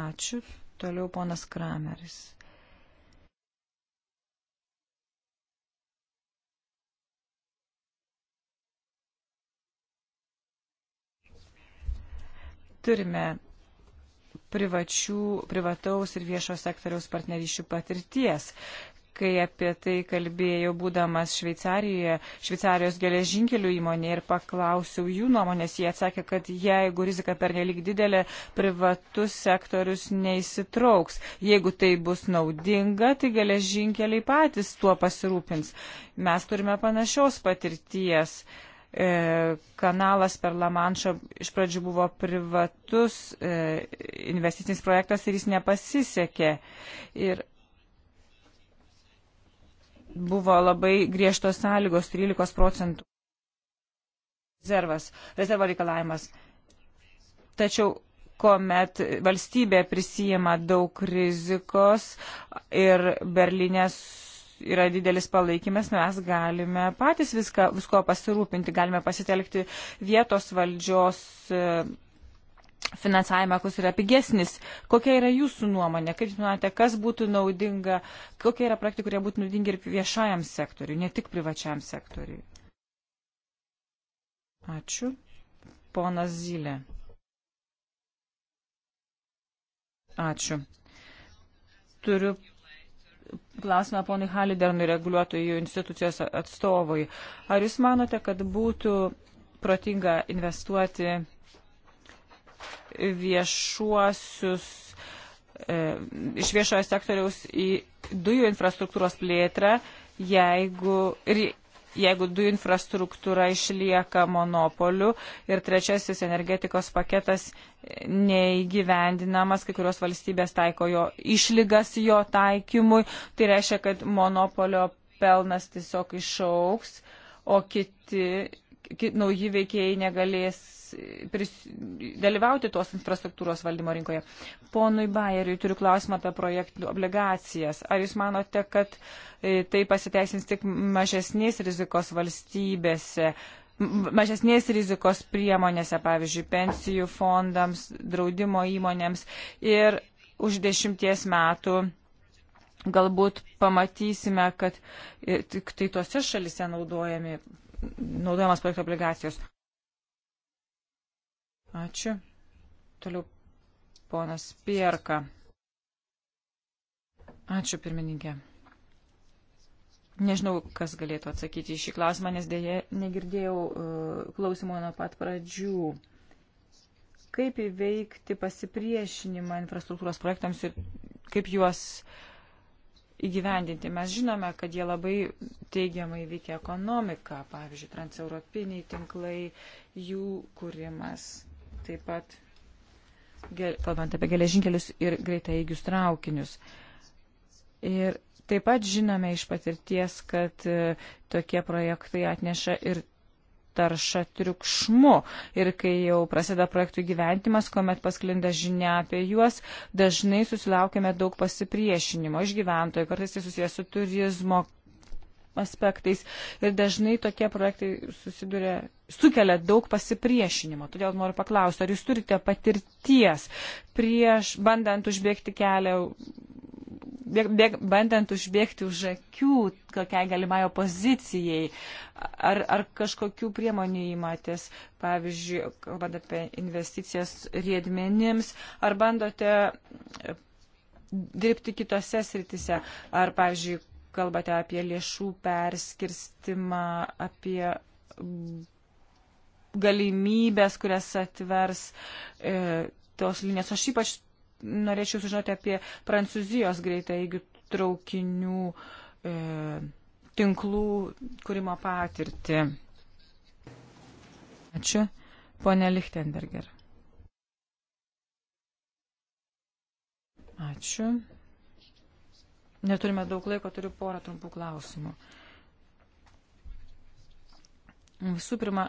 Ačiū. Toliau ponas Krameris. Turime privačių, privataus ir viešo sektoriaus partnerysčių patirties kai apie tai kalbėjau būdamas Šveicarijoje, Šveicarijos geležinkelių įmonėje ir paklausiau jų nuomonės, jie atsakė, kad jeigu rizika per nelik didelė, privatus sektorius neįsitrauks. Jeigu tai bus naudinga, tai geležinkeliai patys tuo pasirūpins. Mes turime panašios patirties e, kanalas per Lamanšą iš pradžių buvo privatus e, investicinis projektas ir jis nepasisekė. Ir buvo labai griežtos sąlygos 13 procentų rezervas, rezervo reikalavimas. Tačiau kuomet valstybė prisijima daug rizikos ir Berlinės yra didelis palaikymas, mes galime patys viską, visko pasirūpinti, galime pasitelkti vietos valdžios finansavimą, kus yra pigesnis. Kokia yra jūsų nuomonė? Kaip jūs manote, kas būtų naudinga, kokie yra praktikų, kurie būtų naudingi ir viešajam sektoriu, ne tik privačiam sektoriu? Ačiū. Ponas Zylė. Ačiū. Turiu klausimą ponui Halidernui reguliuotojų institucijos atstovui. Ar jūs manote, kad būtų protinga investuoti viešuosius, e, iš viešojo sektoriaus į dujų infrastruktūros plėtrą, jeigu, ir, jeigu dujų infrastruktūra išlieka monopoliu ir trečiasis energetikos paketas neįgyvendinamas, kai kurios valstybės taiko jo išlygas jo taikymui, tai reiškia, kad monopolio pelnas tiesiog išauks, o kiti, kiti nauji veikėjai negalės pris, dalyvauti tos infrastruktūros valdymo rinkoje. Ponui Bayeriui turiu klausimą apie projektų obligacijas. Ar jūs manote, kad e, tai pasiteisins tik mažesnės rizikos valstybėse? mažesnės rizikos priemonėse, pavyzdžiui, pensijų fondams, draudimo įmonėms ir už dešimties metų galbūt pamatysime, kad e, tik tai tose šalise naudojami, naudojamas projekto obligacijos. Ačiū. Toliau ponas Pierka. Ačiū, pirmininkė. Nežinau, kas galėtų atsakyti į šį klausimą, nes dėje negirdėjau uh, e, klausimo nuo pat pradžių. Kaip įveikti pasipriešinimą infrastruktūros projektams ir kaip juos įgyvendinti? Mes žinome, kad jie labai teigiamai veikia ekonomiką, pavyzdžiui, transeuropiniai tinklai, jų kūrimas taip pat kalbant apie geležinkelius ir greitaigius traukinius. Ir taip pat žinome iš patirties, kad e, tokie projektai atneša ir tarša triukšmu. Ir kai jau prasideda projektų gyventimas, kuomet pasklinda žinia apie juos, dažnai susilaukime daug pasipriešinimo iš gyventojų. Kartais tai susijęs su turizmo aspektais ir dažnai tokie projektai susiduria, sukelia daug pasipriešinimo. Todėl noriu paklausti, ar jūs turite patirties prieš bandant užbėgti kelią, bėg, bėg, bandant užbėgti už akių kokiai galimai opozicijai, ar, ar kažkokių priemonių įmatės, pavyzdžiui, kalbant apie investicijas riedmenims, ar bandote dirbti kitose sritise, ar, pavyzdžiui, kalbate apie lėšų perskirstimą, apie galimybės, kurias atvers e, tos linijos. Aš ypač norėčiau sužinoti apie Prancūzijos greitaigių traukinių e, tinklų kūrimo patirtį. Ačiū. Pone Lichtenberger. Ačiū. Neturime daug laiko, turiu porą trumpų klausimų. Visų pirma,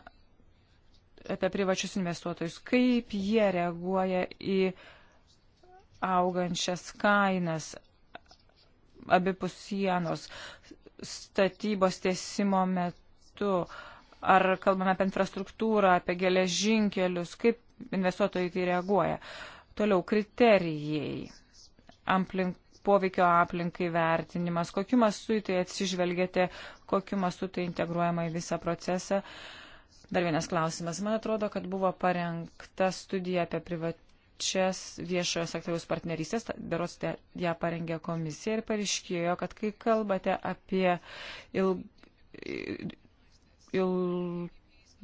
apie privačius investuotojus. Kaip jie reaguoja į augančias kainas abipus sienos statybos tiesimo metu? Ar kalbame apie infrastruktūrą, apie geležinkelius? Kaip investuotojai tai reaguoja? Toliau kriterijai. Aplink poveikio aplinkai vertinimas, kokiu mastu į tai atsižvelgėte, kokiu mastu tai integruojama į visą procesą. Dar vienas klausimas. Man atrodo, kad buvo parengta studija apie privačias viešojo sektoriaus partnerystės, berots ją parengė komisija ir pareiškėjo, kad kai kalbate apie il, il, il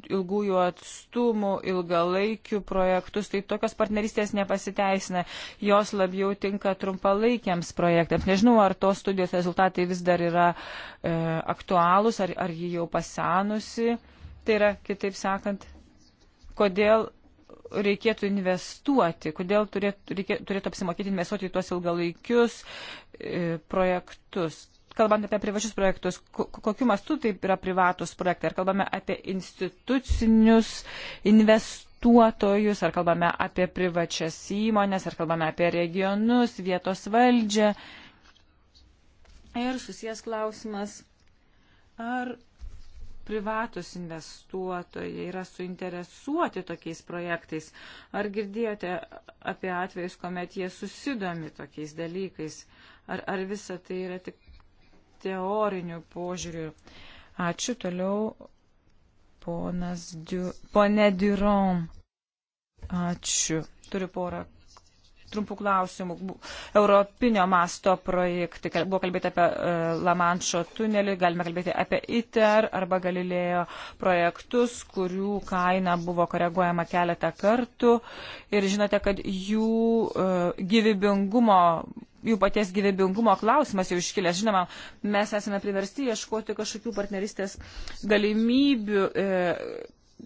ilgųjų atstumų, ilgalaikių projektus, tai tokios partnerystės nepasiteisina. Jos labiau tinka trumpalaikiams projektams. Nežinau, ar tos studijos rezultatai vis dar yra e, aktualūs, ar, ar ji jau pasenusi. Tai yra, kitaip sakant, kodėl reikėtų investuoti, kodėl turėtų, reikėtų, turėtų apsimokėti investuoti į tuos ilgalaikius e, projektus kalbant apie privačius projektus, kokiu mastu taip yra privatus projektai? Ar kalbame apie institucinius investuotojus, ar kalbame apie privačias įmonės, ar kalbame apie regionus, vietos valdžią? Ir susijęs klausimas, ar privatus investuotojai yra suinteresuoti tokiais projektais? Ar girdėjote apie atvejus, kuomet jie susidomi tokiais dalykais? Ar, ar visa tai yra tik teoriniu požiūriu. Ačiū toliau, ponas Diu, ponė Diuron. Ačiū. Turiu porą trumpų klausimų. Europinio masto projektai, buvo kalbėti apie e, Lamanšo tunelį, galime kalbėti apie ITER arba Galilėjo projektus, kurių kaina buvo koreguojama keletą kartų. Ir žinote, kad jų e, gyvybingumo jų paties gyvybingumo klausimas jau iškilęs. Žinoma, mes esame priversti ieškoti kažkokių partneristės galimybių, e,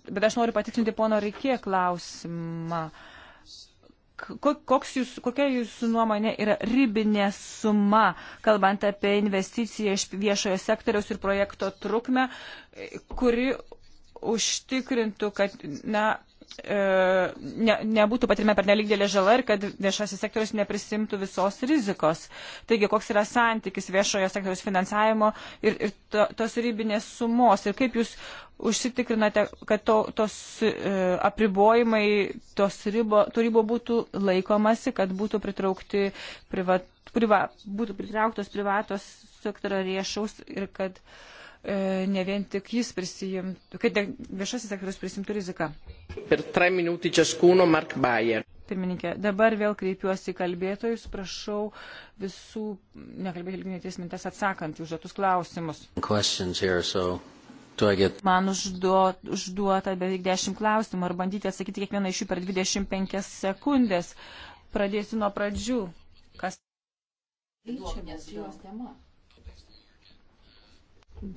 bet aš noriu patikrinti pono Rikė klausimą. Jūs, kokia jūsų nuomonė yra ribinė suma, kalbant apie investiciją iš viešojo sektoriaus ir projekto trukmę, e, kuri užtikrintų, kad na, E, ne, nebūtų patirime per nelik dėlė žala ir kad viešasis sektorius neprisimtų visos rizikos. Taigi, koks yra santykis viešojo sektoriaus finansavimo ir, ir to, tos rybinės sumos ir kaip jūs užsitikrinate, kad to, tos e, apribojimai, tos ribo, to ribo būtų laikomasi, kad būtų pritraukti privat, priva, būtų pritrauktos privatos sektorio riešaus ir kad e, E, ne vien tik jis prisijimtų, kad viešasis sektorius prisimtų riziką. Per 3 minutį čiaskūno Mark Bayer. Pirmininkė, dabar vėl kreipiuosi į kalbėtojus, prašau visų, nekalbėti ilgiau nei 3 minutės atsakant į užduotus klausimus. Here, so get... Man užduot, užduota beveik 10 klausimų ir bandyti atsakyti kiekvieną iš jų per 25 sekundės. Pradėsiu nuo pradžių. Kas? Lyčiamės jos tema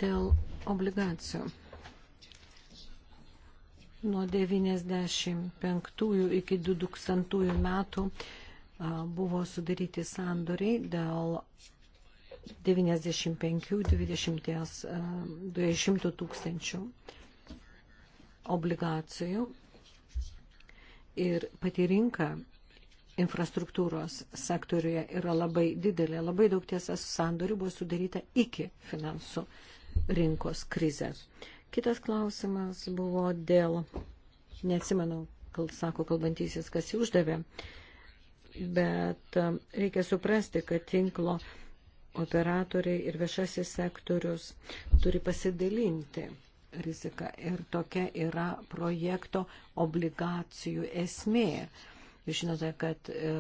dėl obligacijų. Nuo 1995 iki 2000 metų buvo sudaryti sandoriai dėl 95-200 tūkstančių obligacijų ir pati rinka infrastruktūros sektoriuje yra labai didelė. Labai daug tiesas sandorių buvo sudaryta iki finansų krizės rinkos krizę. Kitas klausimas buvo dėl, neatsimenu, kal, sako kalbantysis, kas jį uždavė, bet e, reikia suprasti, kad tinklo operatoriai ir viešasis sektorius turi pasidalinti riziką. Ir tokia yra projekto obligacijų esmė. Žinote, kad e,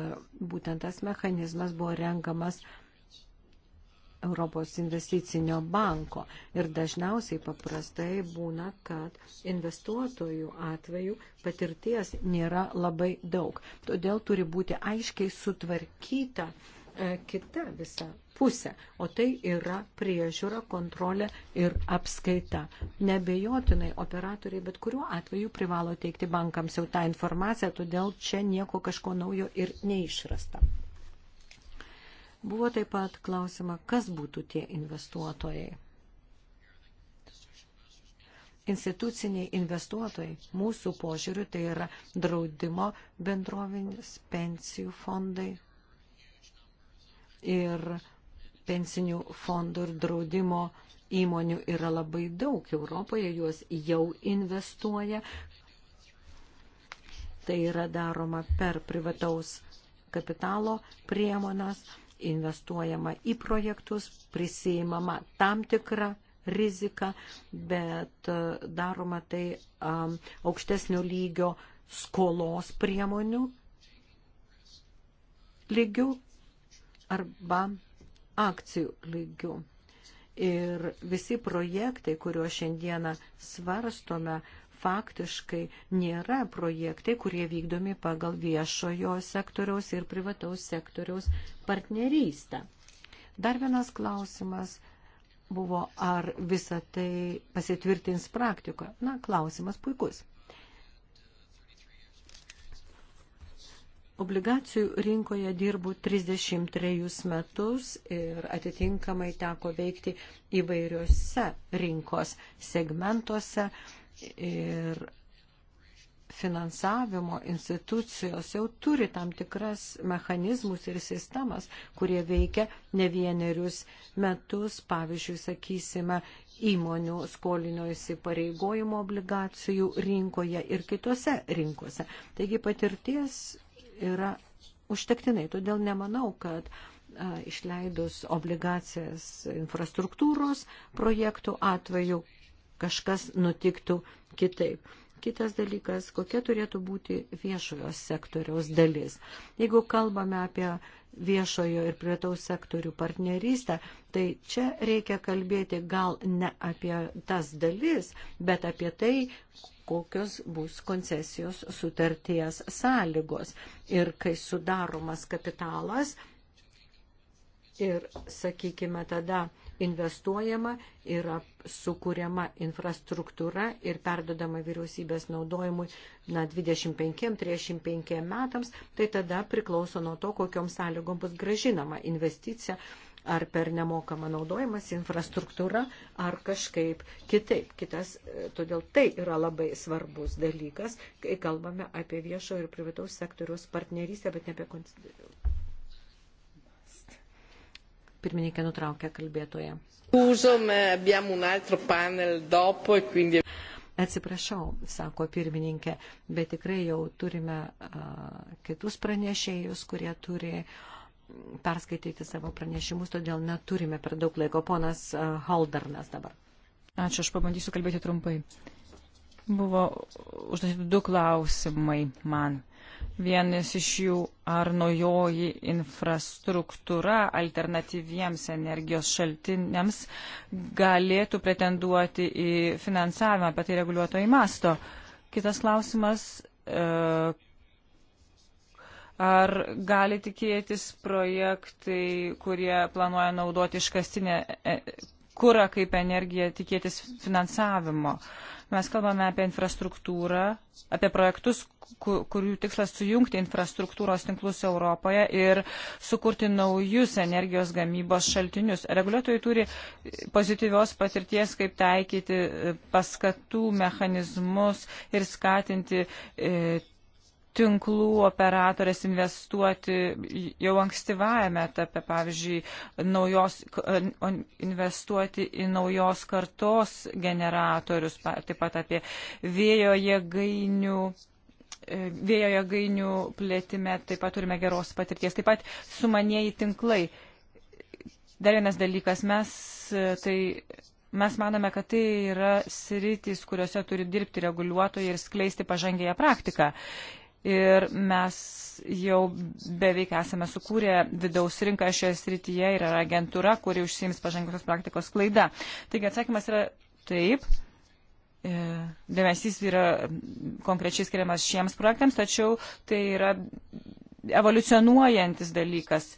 būtent tas mechanizmas buvo rengamas Europos investicinio banko. Ir dažniausiai paprastai būna, kad investuotojų atveju patirties nėra labai daug. Todėl turi būti aiškiai sutvarkyta e, kita visa pusė, o tai yra priežiūra, kontrolė ir apskaita. Nebejotinai operatoriai bet kuriuo atveju privalo teikti bankams jau tą informaciją, todėl čia nieko kažko naujo ir neišrasta. Buvo taip pat klausima, kas būtų tie investuotojai. Instituciniai investuotojai, mūsų požiūrių, tai yra draudimo bendrovinis, pensijų fondai ir pensinių fondų ir draudimo įmonių yra labai daug Europoje, juos jau investuoja. Tai yra daroma per privataus kapitalo priemonas investuojama į projektus, prisijimama tam tikrą riziką, bet e, daroma tai um, aukštesnio lygio skolos priemonių lygių arba akcijų lygių. Ir visi projektai, kuriuos šiandieną svarstome, faktiškai nėra projektai, kurie vykdomi pagal viešojo sektoriaus ir privataus sektoriaus partnerystę. Dar vienas klausimas buvo, ar visa tai pasitvirtins praktikoje. Na, klausimas puikus. Obligacijų rinkoje dirbu 33 metus ir atitinkamai teko veikti įvairiuose rinkos segmentuose, ir finansavimo institucijos jau turi tam tikras mechanizmus ir sistemas, kurie veikia ne vienerius metus, pavyzdžiui, sakysime, įmonių skolinio įsipareigojimo obligacijų rinkoje ir kitose rinkose. Taigi patirties yra užtektinai, todėl nemanau, kad a, išleidus obligacijas infrastruktūros projektų atveju kažkas nutiktų kitaip. Kitas dalykas, kokia turėtų būti viešojo sektoriaus dalis. Jeigu kalbame apie viešojo ir privataus sektorių partnerystę, tai čia reikia kalbėti gal ne apie tas dalis, bet apie tai, kokios bus koncesijos sutarties sąlygos. Ir kai sudaromas kapitalas ir, sakykime, tada investuojama, yra sukūriama infrastruktūra ir perdodama vyriausybės naudojimui na, 25-35 metams, tai tada priklauso nuo to, kokiom sąlygom bus gražinama investicija ar per nemokamą naudojimas infrastruktūra, ar kažkaip kitaip. Kitas, todėl tai yra labai svarbus dalykas, kai kalbame apie viešo ir privataus sektoriaus partnerystę, bet ne apie Pirmininkė nutraukė kalbėtoje. E Atsiprašau, sako pirmininkė, bet tikrai jau turime uh, kitus pranešėjus, kurie turi perskaityti savo pranešimus, todėl neturime per daug laiko. Ponas uh, Haldarnas dabar. Ačiū, aš pabandysiu kalbėti trumpai. Buvo užduoti du klausimai man. Vienas iš jų ar naujoji infrastruktūra alternatyviems energijos šaltiniams galėtų pretenduoti į finansavimą, apie tai reguliuotojai masto. Kitas klausimas, e, ar gali tikėtis projektai, kurie planuoja naudoti iškastinę e, kurą kaip energiją, tikėtis finansavimo? Uh, Mes kalbame apie infrastruktūrą, apie projektus, kurių tikslas sujungti infrastruktūros tinklus Europoje ir sukurti naujus energijos gamybos šaltinius. Reguliuotojai turi pozityvios patirties, kaip taikyti e, paskatų mechanizmus ir skatinti e, tinklų operatorės investuoti jau ankstyvajame etape, pavyzdžiui, naujos, e, investuoti į naujos kartos generatorius, taip pat apie vėjo jėgainių. E, vėjo jėgainių plėtime taip pat turime geros patirties. Taip pat sumanėjai tinklai. Dar vienas dalykas, mes, e, tai, mes manome, kad tai yra sritys, kuriuose turi dirbti reguliuotojai ir skleisti pažangėją praktiką ir mes jau beveik esame sukūrę vidaus rinką šioje srityje ir yra agentūra, kuri užsiims pažangusios praktikos klaida. Taigi atsakymas yra taip. E, dėmesys yra konkrečiai skiriamas šiems projektams, tačiau tai yra evoliucionuojantis dalykas.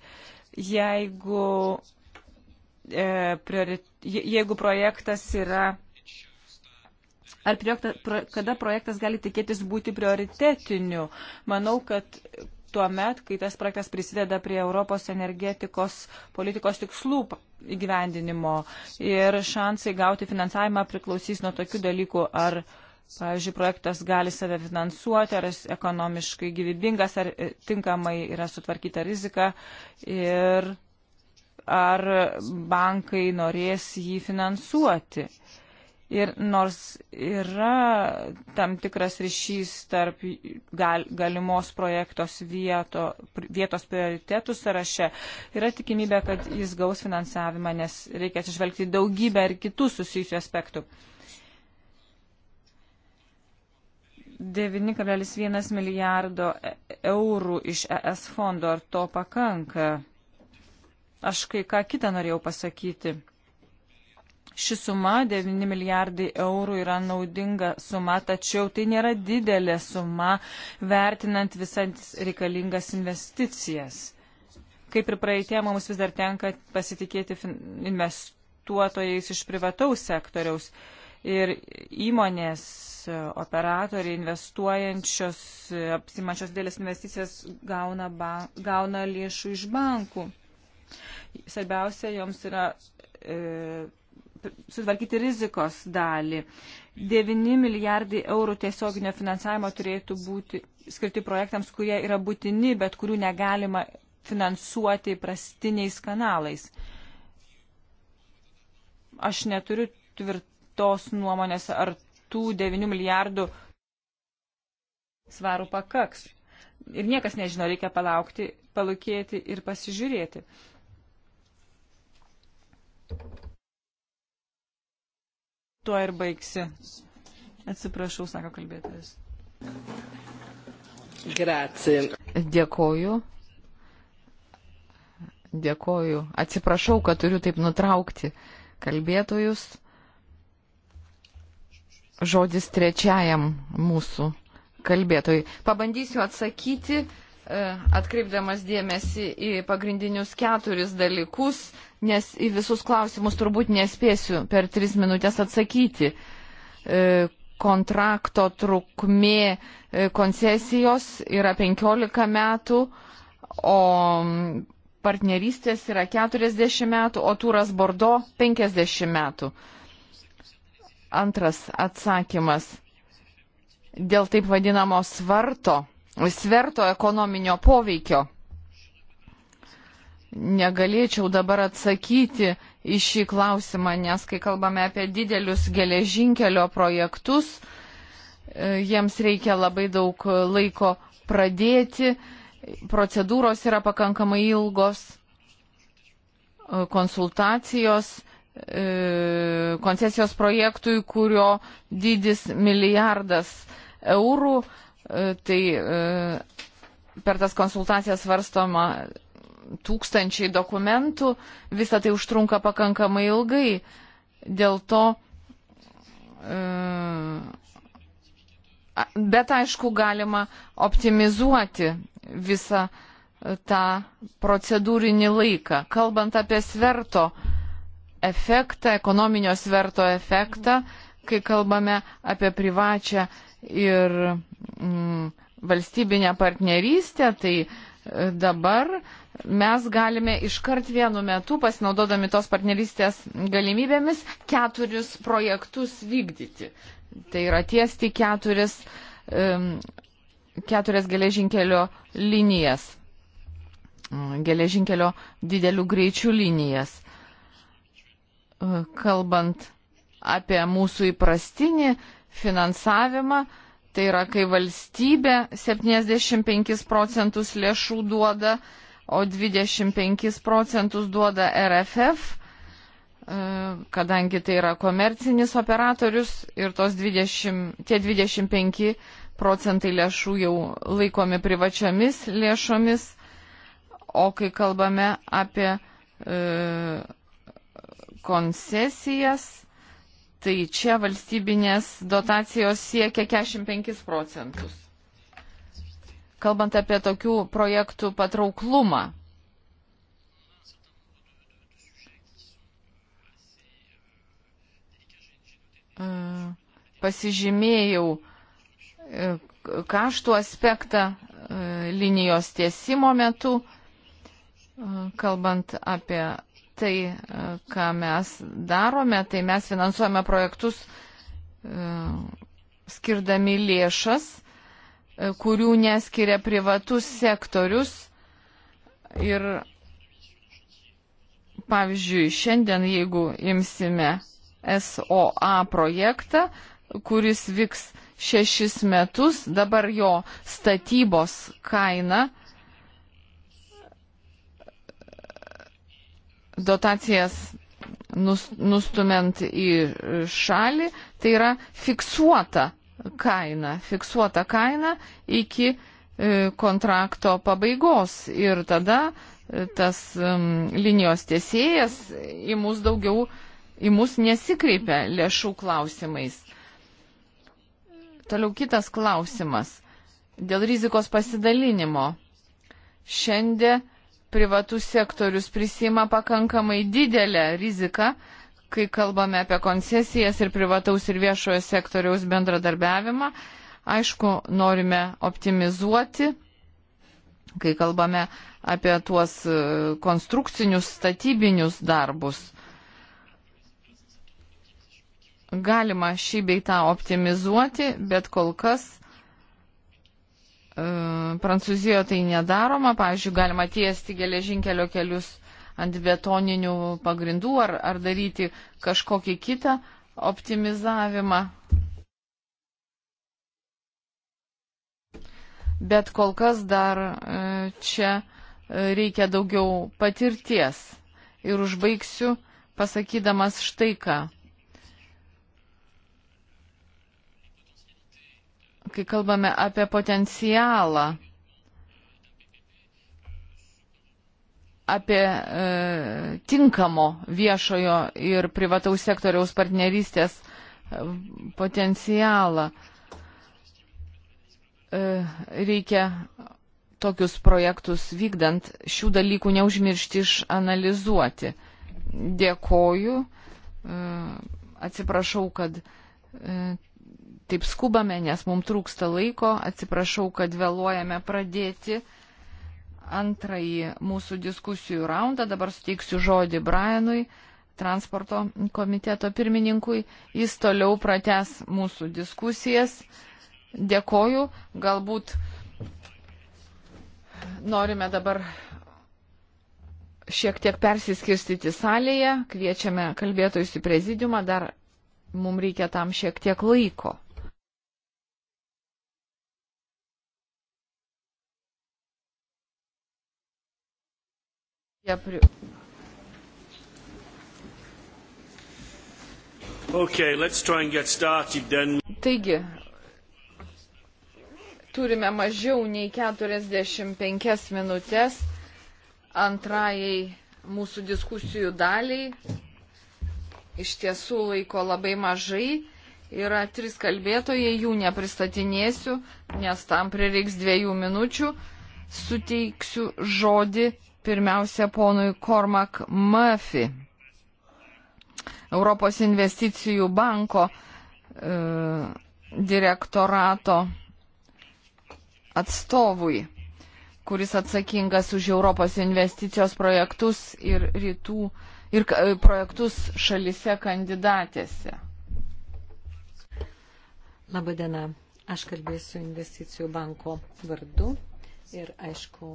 Jeigu, e, priori, jeigu projektas yra Ar projekta, pro, kada projektas gali tikėtis būti prioritetiniu? Manau, kad tuo met, kai tas projektas prisideda prie Europos energetikos politikos tikslų įgyvendinimo ir šansai gauti finansavimą priklausys nuo tokių dalykų, ar, pavyzdžiui, projektas gali save finansuoti, ar jis ekonomiškai gyvybingas, ar e, tinkamai yra sutvarkyta rizika ir ar bankai norės jį finansuoti. Uh, Ir nors yra tam tikras ryšys tarp gal, galimos projektos vieto, vietos prioritetų sąraše, yra tikimybė, kad jis gaus finansavimą, nes reikia atsižvelgti daugybę ir kitų susijusių aspektų. 9,1 milijardo e, eurų iš ES fondo, ar to pakanka? Aš kai ką kitą norėjau pasakyti. Ši suma, 9 milijardai eurų, yra naudinga suma, tačiau tai nėra didelė suma, vertinant visas reikalingas investicijas. Kaip ir praeitie, mums vis dar tenka pasitikėti investuotojais iš privataus sektoriaus ir įmonės operatoriai investuojančios, apsimančios dėlės investicijas gauna, ba, gauna lėšų iš bankų. Svarbiausia joms yra e, sutvarkyti rizikos dalį. 9 milijardai eurų tiesioginio finansavimo turėtų būti skirti projektams, kurie yra būtini, bet kurių negalima finansuoti prastiniais kanalais. Aš neturiu tvirtos nuomonės, ar tų 9 milijardų svarų pakaks. Ir niekas nežino, reikia palaukti, palūkėti ir pasižiūrėti tuo ir baigsi. Atsiprašau, sako kalbėtojas. Grazie. Dėkoju. Dėkoju. Atsiprašau, kad turiu taip nutraukti kalbėtojus. Žodis trečiajam mūsų kalbėtojui. Pabandysiu atsakyti E, atkreipdamas dėmesį į pagrindinius keturis dalykus, nes į visus klausimus turbūt nespėsiu per tris minutės atsakyti. E, kontrakto trukmė e, koncesijos yra 15 metų, o partnerystės yra 40 metų, o turas Bordo 50 metų. Antras atsakymas dėl taip vadinamo svarto sverto ekonominio poveikio. Negalėčiau dabar atsakyti į šį klausimą, nes kai kalbame apie didelius geležinkelio projektus, e, jiems reikia labai daug laiko pradėti, procedūros yra pakankamai ilgos, e, konsultacijos, e, koncesijos projektui, kurio dydis milijardas eurų, E, tai e, per tas konsultacijas svarstoma tūkstančiai dokumentų, visa tai užtrunka pakankamai ilgai. Dėl to, e, bet aišku, galima optimizuoti visą tą procedūrinį laiką. Kalbant apie sverto efektą, ekonominio sverto efektą, kai kalbame apie privačią ir mm, valstybinę partnerystę, tai e, dabar mes galime iškart vienu metu, pasinaudodami tos partnerystės galimybėmis, keturis projektus vykdyti. Tai yra tiesti keturis, mm, keturias geležinkelio linijas, mm, geležinkelio didelių greičių linijas. E, kalbant apie mūsų įprastinį finansavimą, Tai yra, kai valstybė 75 procentus lėšų duoda, o 25 procentus duoda RFF, e, kadangi tai yra komercinis operatorius ir 20, tie 25 procentai lėšų jau laikomi privačiomis lėšomis, o kai kalbame apie e, koncesijas, tai čia valstybinės dotacijos siekia 45 procentus. Kalbant apie tokių projektų patrauklumą. E, pasižymėjau e, kaštų aspektą e, linijos tiesimo metu, kalbant apie tai, e, ką mes darome, tai mes finansuojame projektus e, skirdami lėšas, e, kurių neskiria privatus sektorius. Ir pavyzdžiui, šiandien, jeigu imsime SOA projektą, kuris vyks šešis metus, dabar jo statybos kaina dotacijas nustumint į šalį, tai yra fiksuota kaina, fiksuota kaina iki e, kontrakto pabaigos ir tada e, tas linijos tiesėjas į mus daugiau, į mus nesikreipia lėšų klausimais. Toliau kitas klausimas. Dėl rizikos pasidalinimo. Šiandien privatus sektorius prisima pakankamai didelę riziką, kai kalbame apie koncesijas ir privataus ir viešojo sektoriaus bendradarbiavimą. Aišku, norime optimizuoti, kai kalbame apie tuos e, konstrukcinius statybinius darbus. Galima šį beitą optimizuoti, bet kol kas E, Prancūzijoje tai nedaroma, pavyzdžiui, galima tiesti geležinkelio kelius ant betoninių pagrindų ar, ar daryti kažkokį kitą optimizavimą. Bet kol kas dar e, čia e, reikia daugiau patirties. Ir užbaigsiu pasakydamas štai ką. kai kalbame apie potencialą, apie e, tinkamo viešojo ir privataus sektoriaus partnerystės e, potencialą, e, reikia tokius projektus vykdant šių dalykų neužmiršti išanalizuoti. Dėkoju, e, atsiprašau, kad e, taip skubame, nes mums trūksta laiko. Atsiprašau, kad vėluojame pradėti antrąjį mūsų diskusijų raundą. Dabar suteiksiu žodį Brianui, transporto komiteto pirmininkui. Jis toliau prates mūsų diskusijas. Dėkoju. Galbūt norime dabar šiek tiek persiskirstyti salėje. Kviečiame kalbėtojus į prezidiumą. Dar mums reikia tam šiek tiek laiko. Okay, let's try and get started then. Taigi, turime mažiau nei 45 minutės antrajai mūsų diskusijų daliai. Iš tiesų laiko labai mažai. Yra trys kalbėtojai, jų nepristatinėsiu, nes tam prireiks dviejų minučių. Suteiksiu žodį Pirmiausia, ponui Cormac Murphy, Europos investicijų banko e, direktorato atstovui, kuris atsakingas už Europos investicijos projektus ir rytų ir e, projektus šalise kandidatėse. Labadiena, aš kalbėsiu investicijų banko vardu. Ir aišku,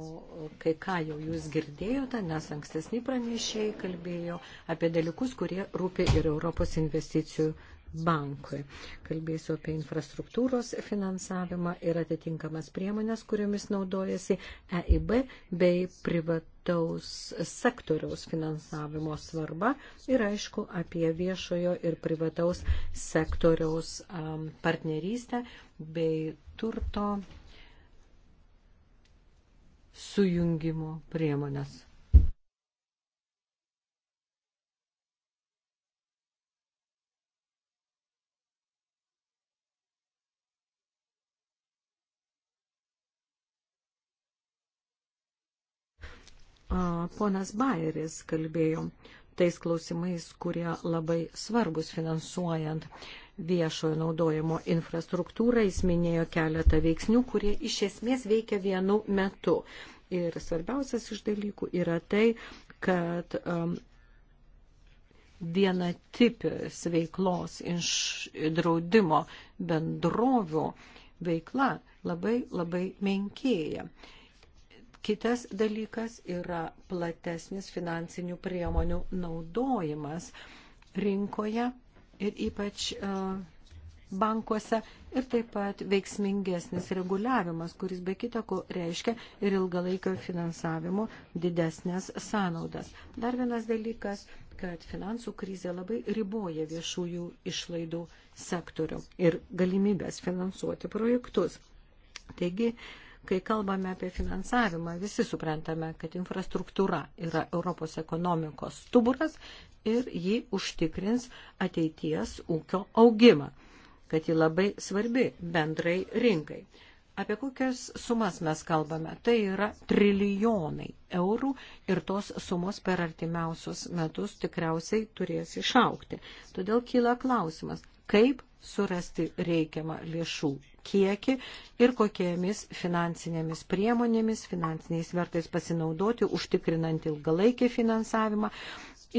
kai ką jau jūs girdėjote, nes ankstesni pranešėjai kalbėjo apie dalykus, kurie rūpi ir Europos investicijų bankui. Kalbėsiu apie infrastruktūros finansavimą ir atitinkamas priemonės, kuriomis naudojasi EIB bei privataus sektoriaus finansavimo svarba ir aišku apie viešojo ir privataus sektoriaus partnerystę bei turto sujungimo priemonės. Ponas Bairis kalbėjo tais klausimais, kurie labai svarbus finansuojant viešojo naudojimo infrastruktūrą. Jis minėjo keletą veiksnių, kurie iš esmės veikia vienu metu. Ir svarbiausias iš dalykų yra tai, kad um, viena tipis veiklos iš draudimo bendrovių veikla labai labai menkėja. Kitas dalykas yra platesnis finansinių priemonių naudojimas rinkoje ir ypač e, bankuose ir taip pat veiksmingesnis reguliavimas, kuris be kita ko reiškia ir ilgalaikio finansavimo didesnės sąnaudas. Dar vienas dalykas, kad finansų krizė labai riboja viešųjų išlaidų sektorių ir galimybės finansuoti projektus. Taigi, kai kalbame apie finansavimą, visi suprantame, kad infrastruktūra yra Europos ekonomikos stuburas ir ji užtikrins ateities ūkio augimą, kad ji labai svarbi bendrai rinkai. Apie kokias sumas mes kalbame? Tai yra trilijonai eurų ir tos sumos per artimiausius metus tikriausiai turės išaukti. Todėl kyla klausimas, kaip surasti reikiamą lėšų kiekį ir kokiamis finansinėmis priemonėmis, finansiniais vertais pasinaudoti, užtikrinant ilgalaikį finansavimą,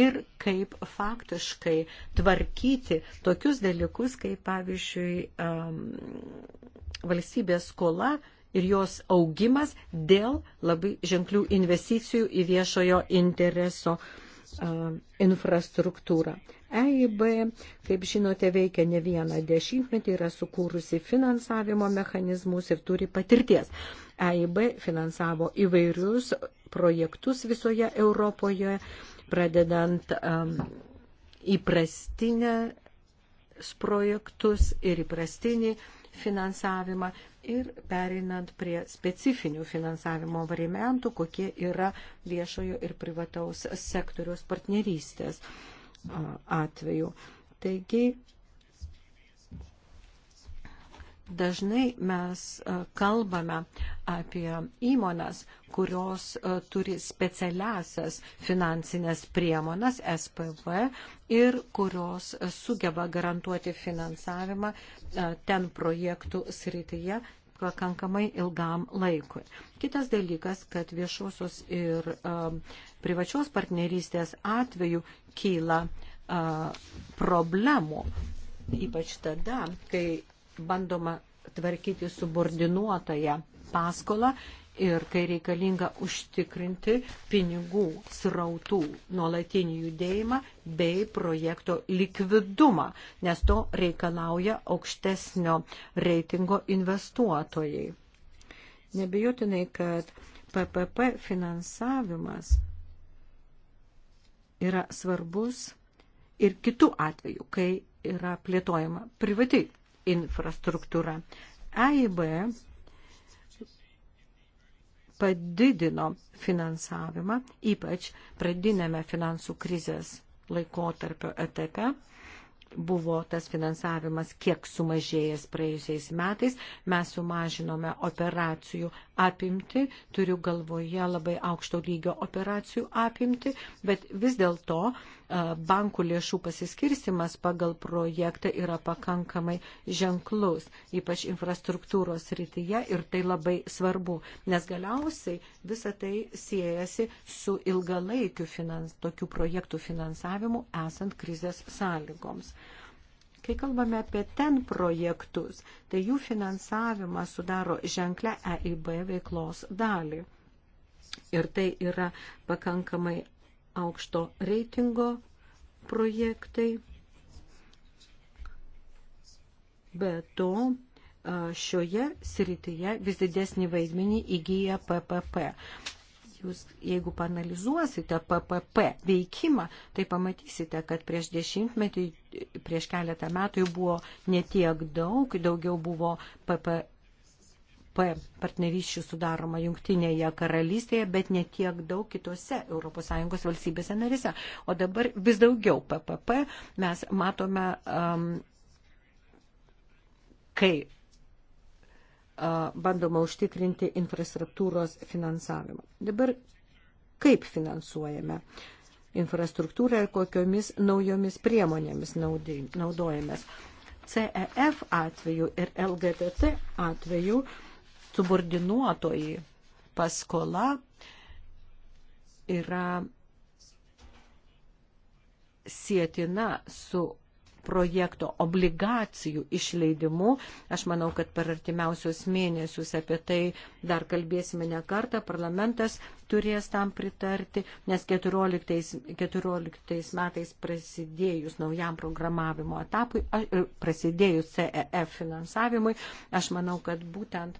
ir kaip faktiškai tvarkyti tokius dalykus, kaip pavyzdžiui valstybės skola ir jos augimas dėl labai ženklių investicijų į viešojo intereso infrastruktūrą. EIB, kaip žinote, veikia ne vieną dešimtmetį, yra sukūrusi finansavimo mechanizmus ir turi patirties. EIB finansavo įvairius projektus visoje Europoje, pradedant um, įprastinę projektus ir įprastinį finansavimą ir perinant prie specifinių finansavimo variantų, kokie yra viešojo ir privataus sektoriaus partnerystės uh, atveju. Taigi Dažnai mes e, kalbame apie įmonas, kurios e, turi specialiasias finansinės priemonas SPV ir kurios e, sugeba garantuoti finansavimą ten projektų srityje pakankamai ilgam laikui. Kitas dalykas, kad viešosios ir um, privačios partnerystės atveju kyla uh, problemų, ypač tada, kai bandoma tvarkyti subordinuotoje paskolą ir kai reikalinga užtikrinti pinigų srautų nuolatinį judėjimą bei projekto likvidumą, nes to reikalauja aukštesnio reitingo investuotojai. Nebejotinai, kad PPP finansavimas yra svarbus ir kitų atvejų, kai yra plėtojama privati infrastruktūra. AIB padidino finansavimą, ypač pradinėme finansų krizės laikotarpio etape buvo tas finansavimas kiek sumažėjęs praėjusiais metais. Mes sumažinome operacijų apimti, turiu galvoje labai aukšto lygio operacijų apimti, bet vis dėlto bankų lėšų pasiskirstimas pagal projektą yra pakankamai ženklus, ypač infrastruktūros rytyje ir tai labai svarbu, nes galiausiai visa tai siejasi su ilgalaikiu finans, tokių projektų finansavimu esant krizės sąlygoms. Kai kalbame apie ten projektus, tai jų finansavimas sudaro ženklę EIB veiklos dalį. Ir tai yra pakankamai aukšto reitingo projektai. Be to, šioje srityje vis didesnį vaidmenį įgyja PPP jūs, jeigu panalizuosite PPP veikimą, tai pamatysite, kad prieš dešimtmetį, prieš keletą metų jų buvo netiek daug, daugiau buvo PPP partnerysčių sudaroma jungtinėje karalystėje, bet ne tiek daug kitose ES valstybėse narise. O dabar vis daugiau PPP mes matome, um, kai bandoma užtikrinti infrastruktūros finansavimą. Dabar kaip finansuojame infrastruktūrą ir kokiomis naujomis priemonėmis naudojamės. CEF atveju ir LGTC atveju subordinuotoji paskola yra sėtina su projekto obligacijų išleidimu. Aš manau, kad per artimiausios mėnesius apie tai dar kalbėsime ne kartą. Parlamentas turės tam pritarti, nes 14, 14 metais prasidėjus naujam programavimo etapui, e, prasidėjus CEF finansavimui, aš manau, kad būtent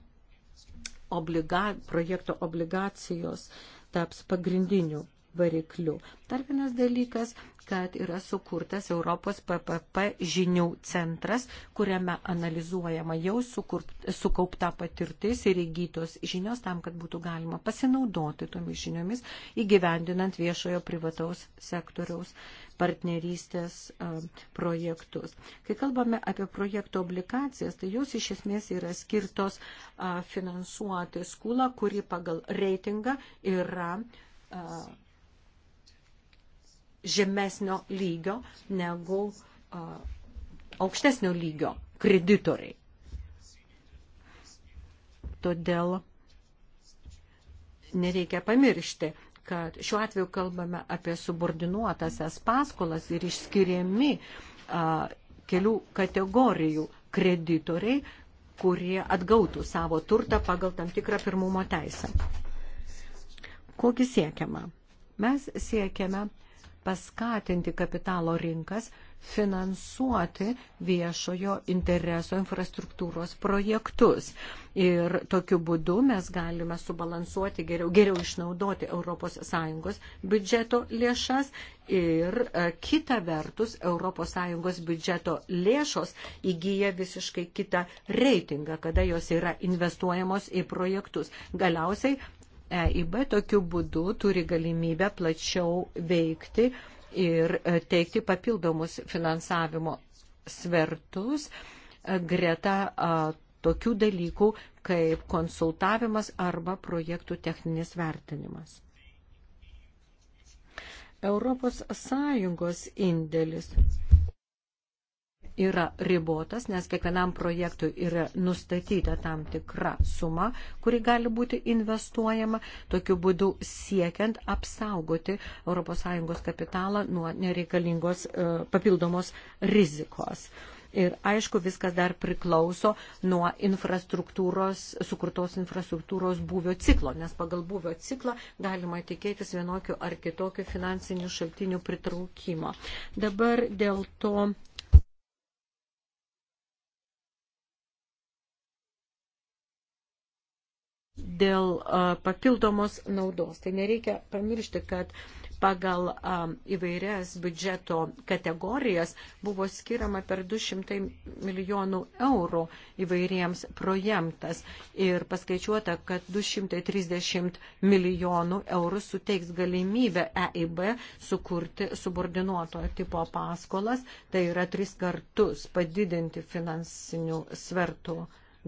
obliga, projekto obligacijos taps pagrindiniu varikliu. Dar vienas dalykas, kad yra sukurtas Europos PPP žinių centras, kuriame analizuojama jau sukaupta patirtis ir įgytos žinios tam, kad būtų galima pasinaudoti tomis žiniomis įgyvendinant viešojo privataus sektoriaus partnerystės projektus. Kai kalbame apie projektų obligacijas, tai jos iš esmės yra skirtos finansuoti skulą, kuri pagal reitingą yra žemesnio lygio negu uh, aukštesnio lygio kreditoriai. Todėl nereikia pamiršti, kad šiuo atveju kalbame apie subordinuotasias paskolas ir išskiriami a, kelių kategorijų kreditoriai, kurie atgautų savo turtą pagal tam tikrą pirmumo teisę. Kokį siekiama? Mes siekiame paskatinti kapitalo rinkas finansuoti viešojo intereso infrastruktūros projektus. Ir tokiu būdu mes galime subalansuoti geriau, geriau išnaudoti ES biudžeto lėšas ir e, kita vertus ES biudžeto lėšos įgyja visiškai kitą reitingą, kada jos yra investuojamos į projektus. Galiausiai EIB tokiu būdu turi galimybę plačiau veikti ir e, teikti papildomus finansavimo svertus e, greta e, tokių dalykų kaip konsultavimas arba projektų techninis vertinimas. Europos Sąjungos indėlis yra ribotas, nes kiekvienam projektui yra nustatyta tam tikra suma, kuri gali būti investuojama, tokiu būdu siekiant apsaugoti ES kapitalą nuo nereikalingos e, papildomos rizikos. Ir aišku, viskas dar priklauso nuo infrastruktūros, sukurtos infrastruktūros būvio ciklo, nes pagal būvio ciklą galima tikėtis vienokių ar kitokių finansinių šaltinių pritraukimo. Dabar dėl to dėl papildomos naudos. Tai nereikia pamiršti, kad pagal įvairias biudžeto kategorijas buvo skiriama per 200 milijonų eurų įvairiems projektas ir paskaičiuota, kad 230 milijonų eurų suteiks galimybę EIB sukurti subordinuotojo tipo paskolas, tai yra tris kartus padidinti finansinių svertų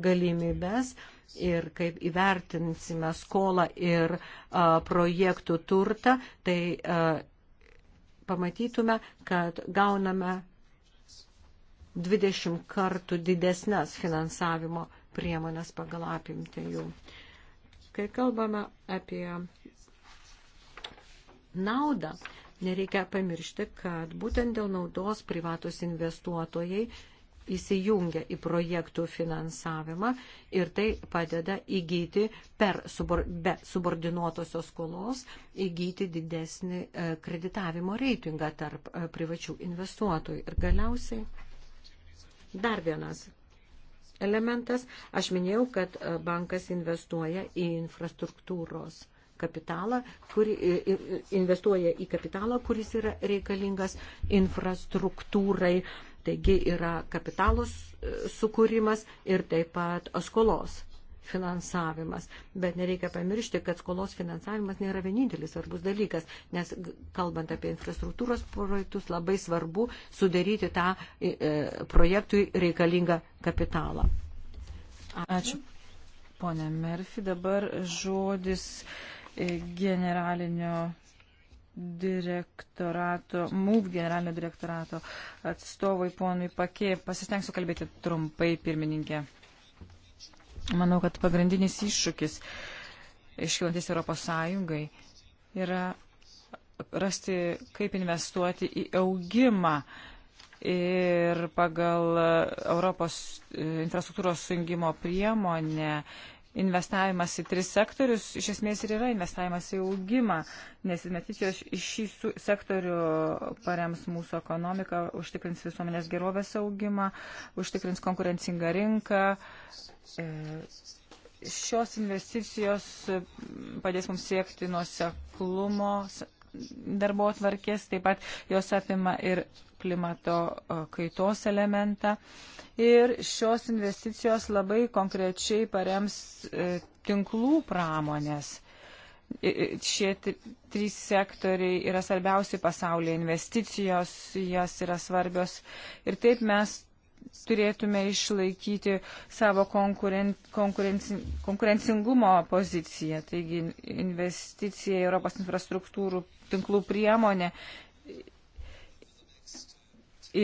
galimybės ir kaip įvertinsime skolą ir a, projektų turtą, tai a, pamatytume, kad gauname 20 kartų didesnės finansavimo priemonės pagal apimtį jų. Kai kalbame apie naudą, nereikia pamiršti, kad būtent dėl naudos privatus investuotojai įsijungia į projektų finansavimą ir tai padeda įgyti per subor, be subordinuotosios skolos įgyti didesnį e, kreditavimo reitingą tarp e, privačių investuotojų. Ir galiausiai dar vienas elementas. Aš minėjau, kad e, bankas investuoja į infrastruktūros kapitalą, kuri investuoja į kapitalą, kuris yra reikalingas infrastruktūrai Taigi yra kapitalos e, sukūrimas ir taip pat skolos finansavimas. Bet nereikia pamiršti, kad skolos finansavimas nėra vienintelis svarbus dalykas, nes kalbant apie infrastruktūros projektus, labai svarbu sudaryti tą e, e projektui reikalingą kapitalą. Ačiū. Ačiū. Pone Merfi, dabar žodis e, generalinio direktorato, MUV generalinio direktorato atstovui ponui Pakė. Pasistengsiu kalbėti trumpai, pirmininkė. Manau, kad pagrindinis iššūkis iškilantis Europos Sąjungai yra rasti, kaip investuoti į augimą ir pagal Europos e, infrastruktūros sujungimo priemonę investavimas į tris sektorius iš esmės ir yra investavimas į augimą, nes investicijos į šį sektorių parems mūsų ekonomiką, užtikrins visuomenės gerovės augimą, užtikrins konkurencingą rinką. E, šios investicijos padės mums siekti nuoseklumo, darbo tvarkės, taip pat jos apima ir klimato kaitos elementą. Ir šios investicijos labai konkrečiai parems e, tinklų pramonės. Šie trys sektoriai yra svarbiausi pasaulyje, investicijos jas yra svarbios. Ir taip mes turėtume išlaikyti savo konkuren, konkurenci, konkurencingumo poziciją. Taigi investicija į Europos infrastruktūrų tinklų priemonė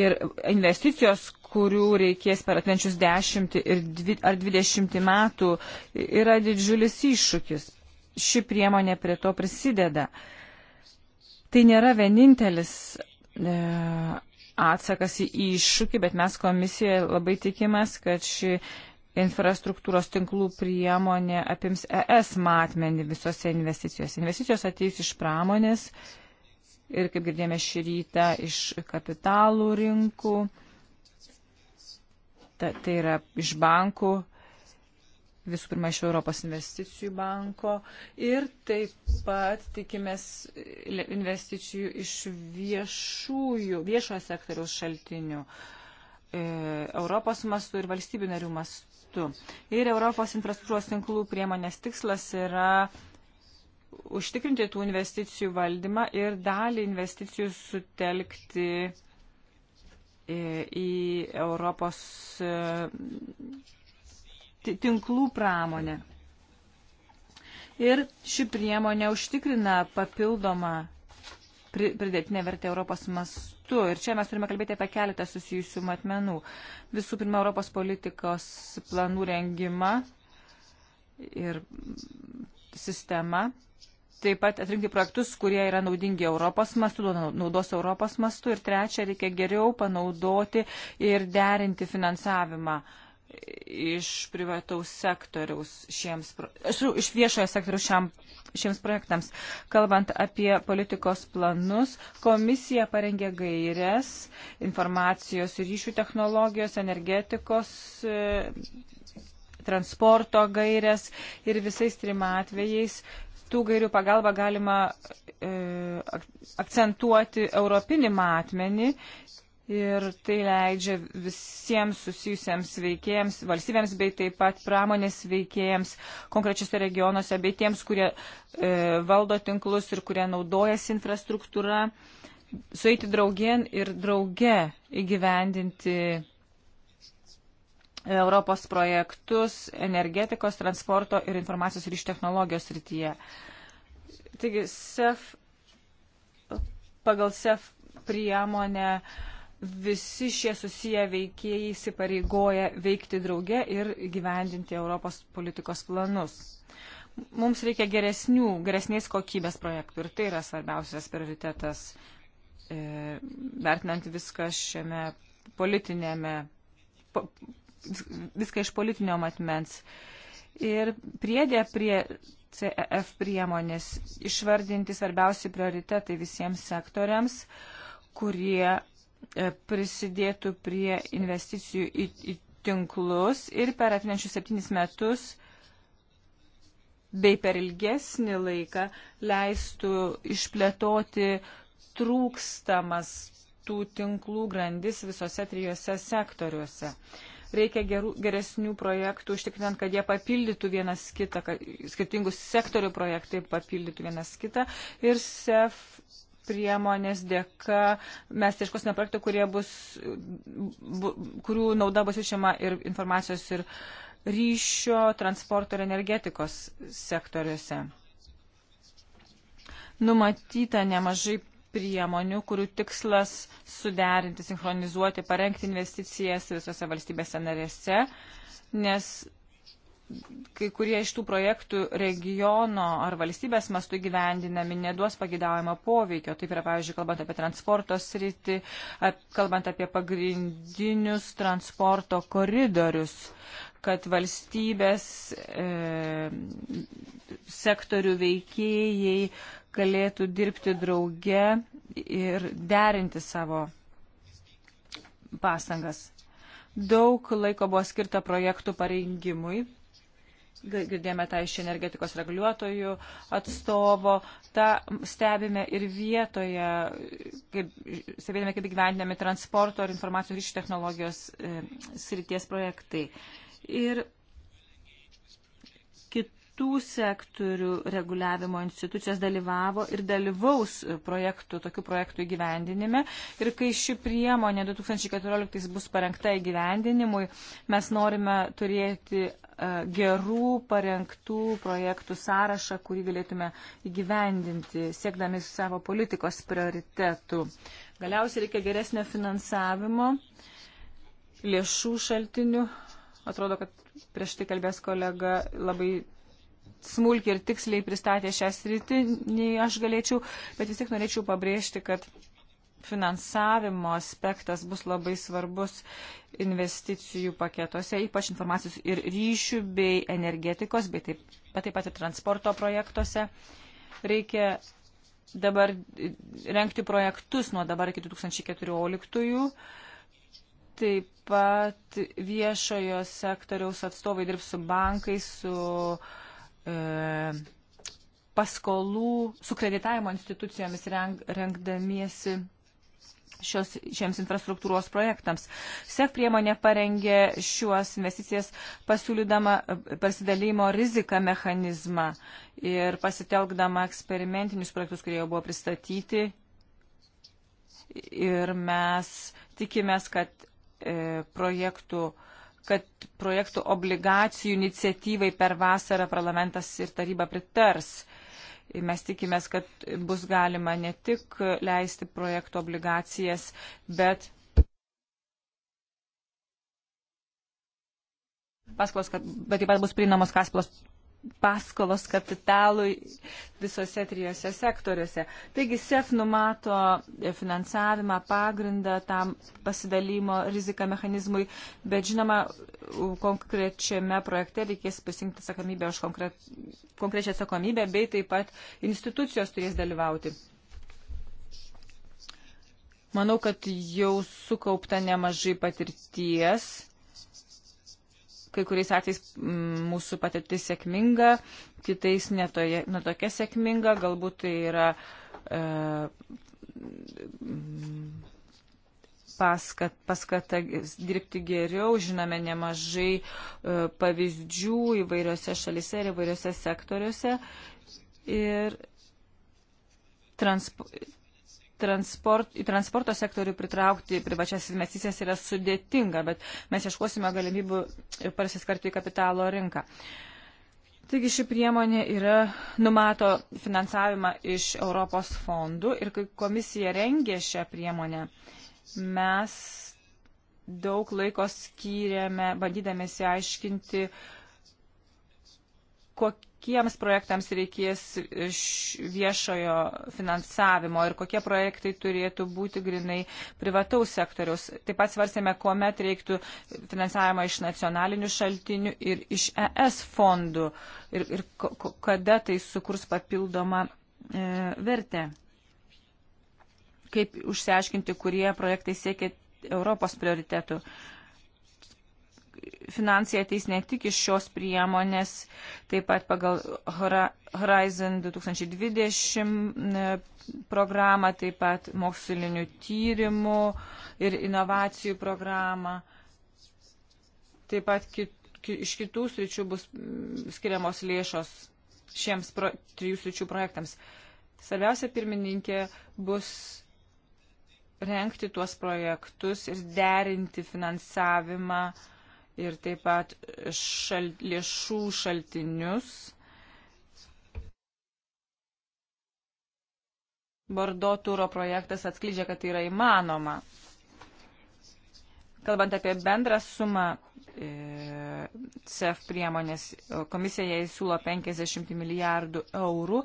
ir investicijos, kurių reikės per atvenčius dešimt dvi, ar dvidešimtį metų, yra didžiulis iššūkis. Ši priemonė prie to prisideda. Tai nėra vienintelis e, atsakas į iššūkį, bet mes komisijoje labai tikimės, kad ši infrastruktūros tinklų priemonė apims ES matmenį visose investicijose. Investicijos ateis iš pramonės ir, kaip girdėjome šį rytą, iš kapitalų rinkų, ta, tai yra iš bankų, visų pirma iš Europos investicijų banko ir taip pat tikimės investicijų iš viešųjų, viešojo sektoriaus šaltinių. E, Europos mastu ir valstybių narių mastu. Ir Europos infrastruktūros tinklų priemonės tikslas yra užtikrinti tų investicijų valdymą ir dalį investicijų sutelkti e, į Europos e, tinklų pramonę. Ir ši priemonė užtikrina papildomą pridėtinę vertę Europos mastu. Ir čia mes turime kalbėti apie keletą susijusių matmenų. Visų pirma, Europos politikos planų rengimą ir sistemą. Taip pat atrinkti projektus, kurie yra naudingi Europos mastu, naudos Europos mastu. Ir trečia, reikia geriau panaudoti ir derinti finansavimą. Uh, iš privataus sektoriaus šiems, iš viešojo sektoriaus šiam, šiems projektams. Kalbant apie politikos planus, komisija parengė gairias informacijos ir ryšių technologijos, energetikos, e, transporto gairias ir visais trim atvejais. Tų gairių pagalba galima e, akcentuoti europinį matmenį ir tai leidžia visiems susijusiems veikėjams, valstybėms bei taip pat pramonės veikėjams konkrečiose regionuose bei tiems, kurie e, valdo tinklus ir kurie naudojasi infrastruktūra, sueiti draugien ir drauge įgyvendinti Europos projektus energetikos, transporto ir informacijos ryšių technologijos rytyje. Taigi, SEF, pagal SEF priemonę uh, visi šie susiję veikėjai įsipareigoja veikti drauge ir gyvendinti Europos politikos planus. Mums reikia geresnių, geresnės kokybės projektų ir tai yra svarbiausias prioritetas, e, vertinant viską šiame politinėme, po, viską iš politinio matmens. Ir priedė prie CEF priemonės išvardinti svarbiausi prioritetai visiems sektoriams, kurie E, prisidėtų prie investicijų į, į tinklus ir per atvenčius septynis metus bei per ilgesnį laiką leistų išplėtoti trūkstamas tų tinklų grandis visose trijose sektoriuose. Reikia gerų, geresnių projektų, užtikrinant, kad jie papildytų vienas kitą, kad skirtingų sektorių projektai papildytų vienas kitą ir SEF priemonės dėka mes ieškosime projektų, kurie bus, bu, kurių nauda bus išima ir informacijos ir ryšio, transporto ir energetikos sektoriuose. Numatyta nemažai priemonių, kurių tikslas suderinti, sinchronizuoti, parengti investicijas visose valstybėse narėse, nes kai kurie iš tų projektų regiono ar valstybės mastu gyvendinami neduos pagidaujamo poveikio. Taip yra, pavyzdžiui, kalbant apie transporto sritį, kalbant apie pagrindinius transporto koridorius, kad valstybės e, sektorių veikėjai galėtų dirbti drauge ir derinti savo pastangas. Daug laiko buvo skirta projektų parengimui, girdėjome tą iš energetikos reguliuotojų atstovo, tą stebime ir vietoje, kaip, stebėdame, kaip gyvendinami transporto ir informacijos ryšių technologijos e, srities projektai. Ir kitų sektorių reguliavimo institucijos dalyvavo ir dalyvaus projektų, tokių projektų įgyvendinime. Ir kai ši priemonė 2014 bus parengta įgyvendinimui, mes norime turėti e, gerų parengtų projektų sąrašą, kurį galėtume įgyvendinti, siekdami savo politikos prioritetų. Galiausiai reikia geresnio finansavimo, lėšų šaltinių. Atrodo, kad prieš tai kalbės kolega labai smulkiai ir tiksliai pristatė šią sritį, nei aš galėčiau, bet vis tik norėčiau pabrėžti, kad finansavimo aspektas bus labai svarbus investicijų paketuose, ypač informacijos ir ryšių bei energetikos, bei taip, bet taip pat ir transporto projektuose. Reikia dabar renkti projektus nuo dabar iki 2014-ųjų. Taip pat viešojo sektoriaus atstovai dirbs su bankais, su uh, e, paskolų su kreditavimo institucijomis reng, rengdamiesi šios, šiems infrastruktūros projektams. SEF priemonė parengė šiuos investicijas pasiūlydama e, pasidalymo riziką mechanizmą ir pasitelkdama eksperimentinius projektus, kurie jau buvo pristatyti. Ir mes tikimės, kad e, projektų e, kad projektų obligacijų iniciatyvai per vasarą parlamentas ir taryba pritars. Mes tikimės, kad bus galima ne tik leisti projektų obligacijas, bet paskolos, kad, bet taip pat bus prieinamos paskolos paskolos kapitalui visose trijose sektoriuose. Taigi SEF numato finansavimą, pagrindą tam pasidalymo riziką mechanizmui, bet žinoma, konkrečiame projekte reikės pasirinkti atsakomybę už konkre... konkrečią atsakomybę, bei taip pat institucijos turės dalyvauti. Manau, kad jau sukaupta nemažai patirties kai kuriais atvejais mūsų patirtis sėkminga, kitais netoje, netokia sėkminga, galbūt tai yra e, paskat, paskata dirbti geriau, žinome nemažai e, pavyzdžių įvairiose šalise ir įvairiose sektoriuose. Ir transpo, transport, į transporto sektorių pritraukti privačias investicijas yra sudėtinga, bet mes ieškosime galimybių parsiskarti į kapitalo rinką. Taigi ši priemonė yra, numato finansavimą iš Europos fondų ir kai komisija rengė šią priemonę, mes daug laiko skyrėme, bandydamėsi aiškinti, kokie kokiems projektams reikės viešojo finansavimo ir kokie projektai turėtų būti grinai privataus sektoriaus. Taip pat svarstėme, kuomet reiktų finansavimo iš nacionalinių šaltinių ir iš ES fondų ir, ir kada tai sukurs papildomą e, vertę. Kaip užsiaiškinti, kurie projektai siekia Europos prioritetų. E, finansai ateis ne tik iš šios priemonės, taip pat pagal Horizon 2020 e, programą, taip pat mokslinių tyrimų ir inovacijų programą. Taip pat kit, ki, iš kitų sričių bus skiriamos lėšos šiems pro, trijų sričių projektams. Svarbiausia pirmininkė bus renkti tuos projektus ir derinti finansavimą uh, ir taip pat šal, lėšų šaltinius. Bordo turo projektas atskleidžia, kad tai yra įmanoma. Kalbant apie bendrą sumą e, CEF priemonės, komisija jai siūlo 50 milijardų eurų.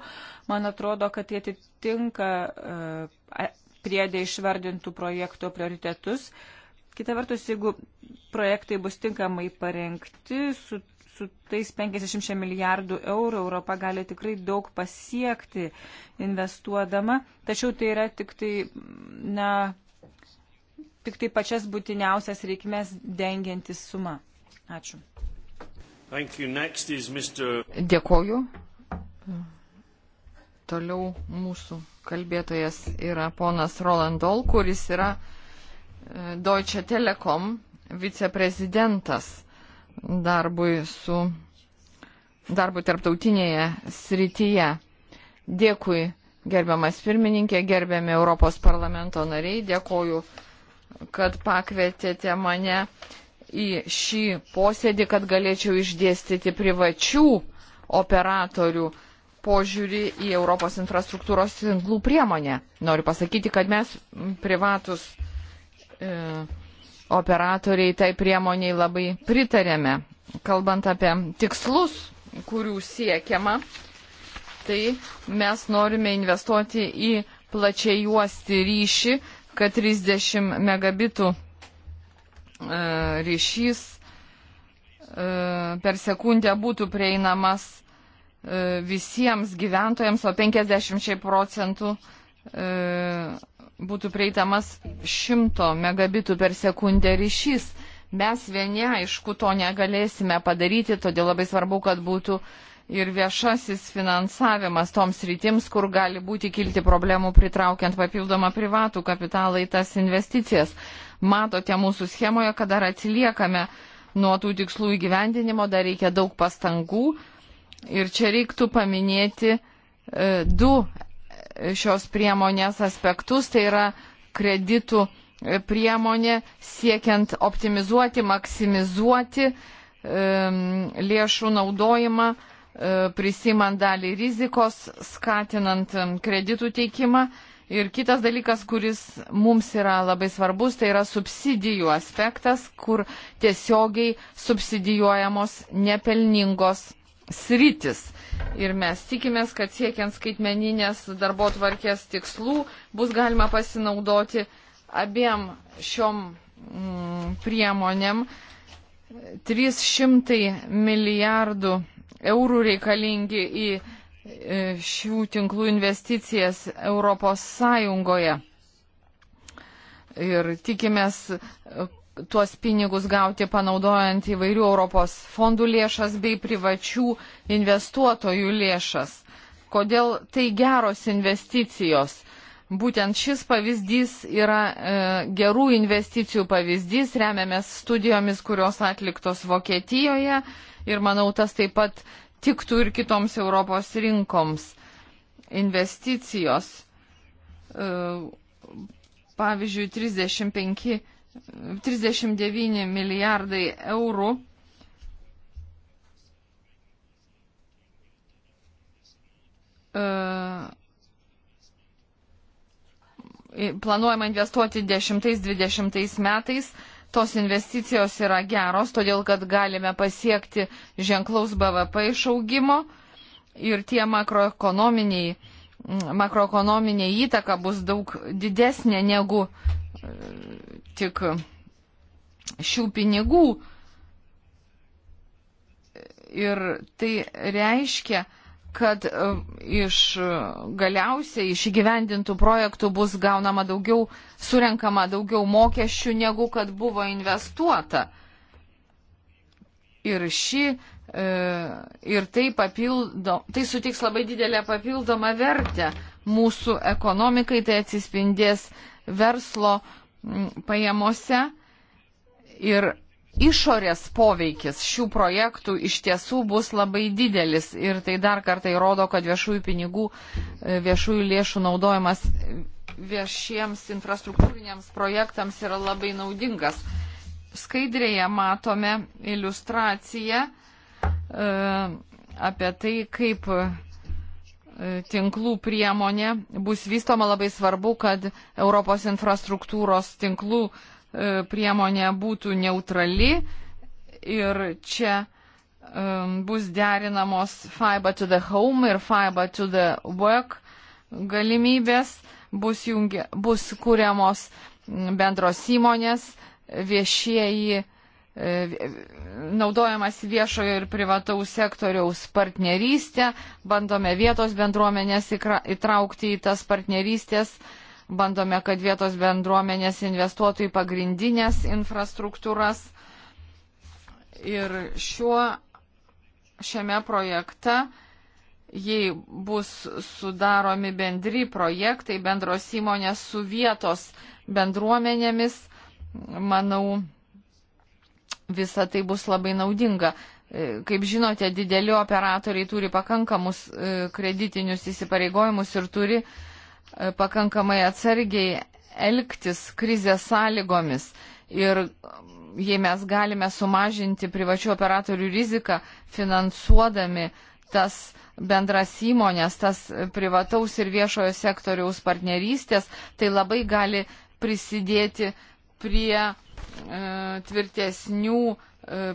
Man atrodo, kad jie tai atitinka e, priedė išvardintų projektų prioritetus. E, Kita vertus, jeigu projektai bus tinkamai parengti, su, su tais 50 milijardų eurų Europa gali tikrai daug pasiekti investuodama, tačiau tai yra tik tai, na, tik tai pačias būtiniausias reikmes dengiantis suma. Ačiū. Mr... Dėkoju. Toliau mūsų kalbėtojas yra ponas Roland Dol, kuris yra Deutsche Telekom viceprezidentas darbui su darbu tarptautinėje srityje. Dėkui, gerbiamas pirmininkė, gerbiami Europos parlamento nariai, dėkoju, kad pakvietėte mane į šį posėdį, kad galėčiau išdėstyti privačių operatorių požiūrį į Europos infrastruktūros tinklų priemonę. Noriu pasakyti, kad mes privatus E, operatoriai tai priemoniai labai pritarėme. Kalbant apie tikslus, kurių siekiama, tai mes norime investuoti į plačiai juosti ryšį, kad 30 megabitų e, ryšys e, per sekundę būtų prieinamas visiems gyventojams, o 50 procentų būtų prieitamas 100 megabitų per sekundę ryšys. Mes vieni, aišku, to negalėsime padaryti, todėl labai svarbu, kad būtų ir viešasis finansavimas toms rytims, kur gali būti kilti problemų pritraukiant papildomą privatų kapitalą į tas investicijas. Matote mūsų schemoje, kad dar atsiliekame nuo tų tikslų įgyvendinimo, dar reikia daug pastangų. Ir čia reiktų paminėti e, du šios priemonės aspektus, tai yra kreditų priemonė siekiant optimizuoti, maksimizuoti lėšų naudojimą, e, prisimant dalį rizikos, skatinant kreditų teikimą. Ir kitas dalykas, kuris mums yra labai svarbus, tai yra subsidijų aspektas, kur tiesiogiai subsidijuojamos nepelningos sritis. Ir mes tikimės, kad siekiant skaitmeninės darbo tvarkės tikslų bus galima pasinaudoti abiem šiom mm, priemonėm. 300 milijardų eurų reikalingi į e, šių tinklų investicijas Europos Sąjungoje. Ir tikimės tuos pinigus gauti panaudojant įvairių Europos fondų lėšas bei privačių investuotojų lėšas. Kodėl tai geros investicijos? Būtent šis pavyzdys yra e, gerų investicijų pavyzdys, remiamės studijomis, kurios atliktos Vokietijoje ir manau tas taip pat tiktų ir kitoms Europos rinkoms. Investicijos, e, pavyzdžiui, 35 39 milijardai eurų. E, planuojama investuoti 10-20 metais. Tos investicijos yra geros, todėl kad galime pasiekti ženklaus BVP išaugimo ir tie makroekonominiai makroekonominė įtaka bus daug didesnė negu e, tik šių pinigų. Ir tai reiškia, kad e, iš galiausiai iš įgyvendintų projektų bus gaunama daugiau, surenkama daugiau mokesčių, negu kad buvo investuota. Uh, ir ši, e, ir tai, papildo, tai sutiks labai didelę papildomą vertę mūsų ekonomikai, tai atsispindės verslo pajamose ir išorės poveikis šių projektų iš tiesų bus labai didelis ir tai dar kartą įrodo, kad viešųjų pinigų, e, viešųjų lėšų naudojimas viešiems infrastruktūriniams projektams yra labai naudingas skaidrėje matome iliustraciją e, apie tai, kaip e, tinklų priemonė bus vystoma. Labai svarbu, kad Europos infrastruktūros tinklų e, priemonė būtų neutrali ir čia bus derinamos Fiber to the Home ir Fiber to the Work galimybės, bus, jungia, bus kūriamos bendros įmonės, viešieji e, naudojamas viešojo ir privataus sektoriaus partnerystė, bandome vietos bendruomenės įtraukti į tas partnerystės, bandome, kad vietos bendruomenės investuotų į pagrindinės infrastruktūras. Ir šiuo, šiame projekte, jei bus sudaromi bendri projektai, bendros įmonės su vietos bendruomenėmis, manau, visa tai bus labai naudinga. E, kaip žinote, dideli operatoriai turi pakankamus e, kreditinius įsipareigojimus ir turi e, pakankamai atsargiai elgtis krizės sąlygomis. Ir jei mes galime sumažinti privačių operatorių riziką, finansuodami tas bendras įmonės, tas privataus ir viešojo sektoriaus partnerystės, tai labai gali prisidėti uh, prie e, tvirtesnių e,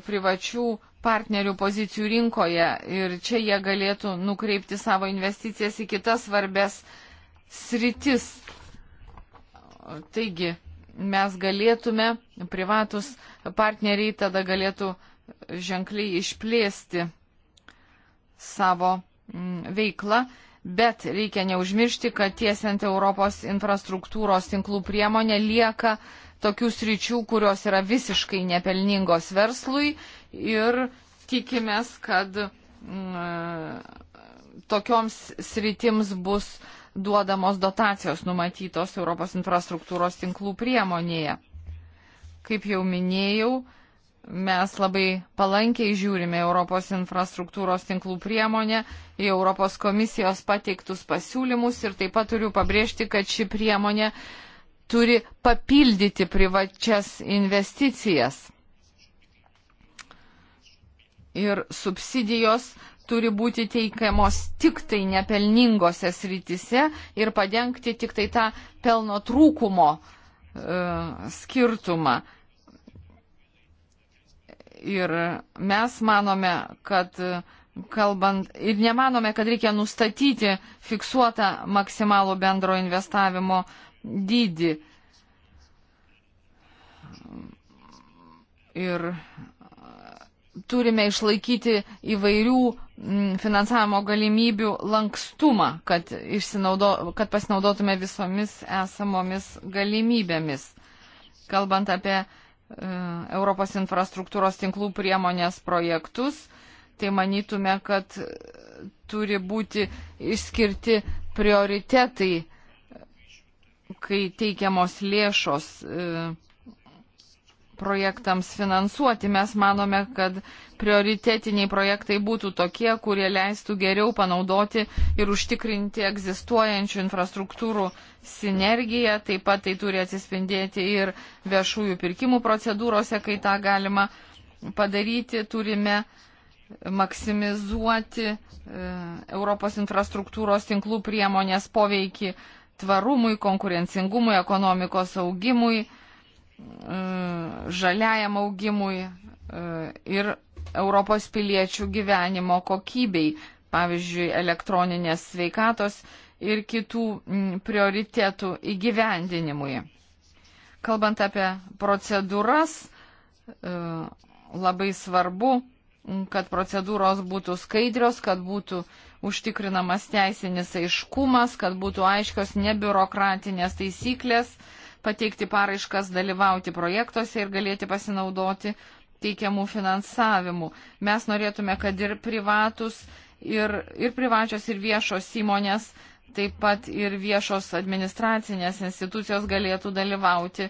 privačių partnerių pozicijų rinkoje ir čia jie galėtų nukreipti savo investicijas į kitas svarbės sritis. Taigi, mes galėtume, privatus partneriai tada galėtų ženkliai išplėsti savo veiklą, bet reikia neužmiršti, kad tiesiant Europos infrastruktūros tinklų priemonę lieka tokių sričių, kurios yra visiškai nepelningos verslui ir tikimės, kad mm, e, tokioms sritims bus duodamos dotacijos numatytos Europos infrastruktūros tinklų priemonėje. Kaip jau minėjau, mes labai palankiai žiūrime Europos infrastruktūros tinklų priemonę, į Europos komisijos pateiktus pasiūlymus ir taip pat turiu pabrėžti, kad ši priemonė uh, turi papildyti privačias investicijas. Ir subsidijos turi būti teikiamos tik tai nepelningose srityse ir padengti tik tai tą pelno trūkumo e, skirtumą. Ir mes manome, kad e, kalbant ir nemanome, kad reikia nustatyti fiksuotą maksimalų bendro investavimo dydį. Ir turime išlaikyti įvairių mm, finansavimo galimybių lankstumą, kad, kad pasinaudotume visomis esamomis galimybėmis. Kalbant apie e, Europos infrastruktūros tinklų priemonės projektus, tai manytume, kad turi būti išskirti prioritetai kai teikiamos lėšos e, projektams finansuoti. Mes manome, kad prioritetiniai projektai būtų tokie, kurie leistų geriau panaudoti ir užtikrinti egzistuojančių infrastruktūrų sinergiją. Taip pat tai turi atsispindėti ir viešųjų pirkimų procedūrose, kai tą galima padaryti. Turime maksimizuoti e, Europos infrastruktūros tinklų priemonės poveikį tvarumui, konkurencingumui, ekonomikos augimui, e, žaliajam augimui e, ir Europos piliečių gyvenimo kokybei, pavyzdžiui, elektroninės sveikatos ir kitų prioritėtų įgyvendinimui. Kalbant apie procedūras, e, labai svarbu, kad procedūros būtų skaidrios, kad būtų uh, užtikrinamas teisinis aiškumas, kad būtų aiškios nebiurokratinės taisyklės, pateikti paraiškas, dalyvauti projektuose ir galėti pasinaudoti teikiamų finansavimų. Mes norėtume, kad ir privatus, ir, ir privačios, ir viešos įmonės, taip pat ir viešos administracinės institucijos galėtų dalyvauti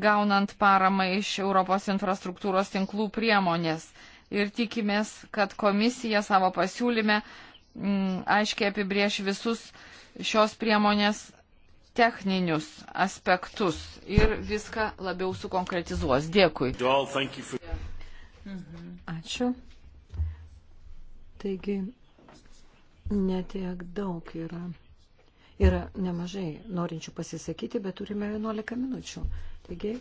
gaunant paramą iš Europos infrastruktūros tinklų priemonės. Ir tikimės, kad komisija savo pasiūlyme m, mm, aiškiai apibrieš visus šios priemonės techninius aspektus ir viską labiau sukonkretizuos. Dėkui. Mhm. Ačiū. Taigi, netiek daug yra. Yra nemažai norinčių pasisakyti, bet turime 11 minučių. Taigi,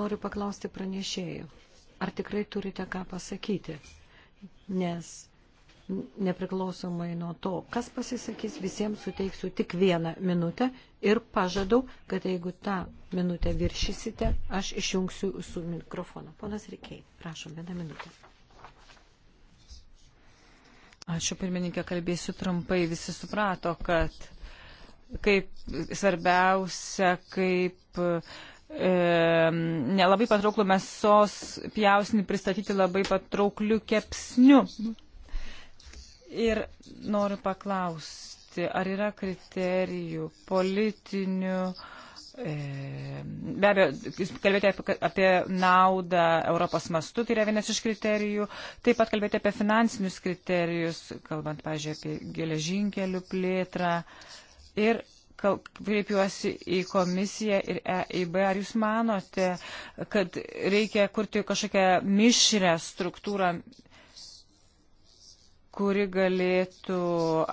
noriu paklausti pranešėjų, ar tikrai turite ką pasakyti, nes nepriklausomai nuo to, kas pasisakys, visiems suteiksiu tik vieną minutę ir pažadau, kad jeigu tą minutę viršysite, aš išjungsiu su mikrofonu. Ponas Rikiai, prašom, vieną minutę. Ačiū pirmininkė, kalbėsiu trumpai. Visi suprato, kad kaip svarbiausia, kaip e, nelabai patrauklų mėsos pjausnį pristatyti labai patraukliu kepsniu. Ir noriu paklausti, ar yra kriterijų politinių, e, be abejo, jūs kalbėjote apie, apie naudą Europos mastu, tai yra vienas iš kriterijų, taip pat kalbėjote apie finansinius kriterijus, kalbant, pažiūrėjau, apie geležinkelių plėtrą. Ir kreipiuosi į komisiją ir EIB. Ar jūs manote, kad reikia kurti kažkokią mišrę struktūrą, kuri galėtų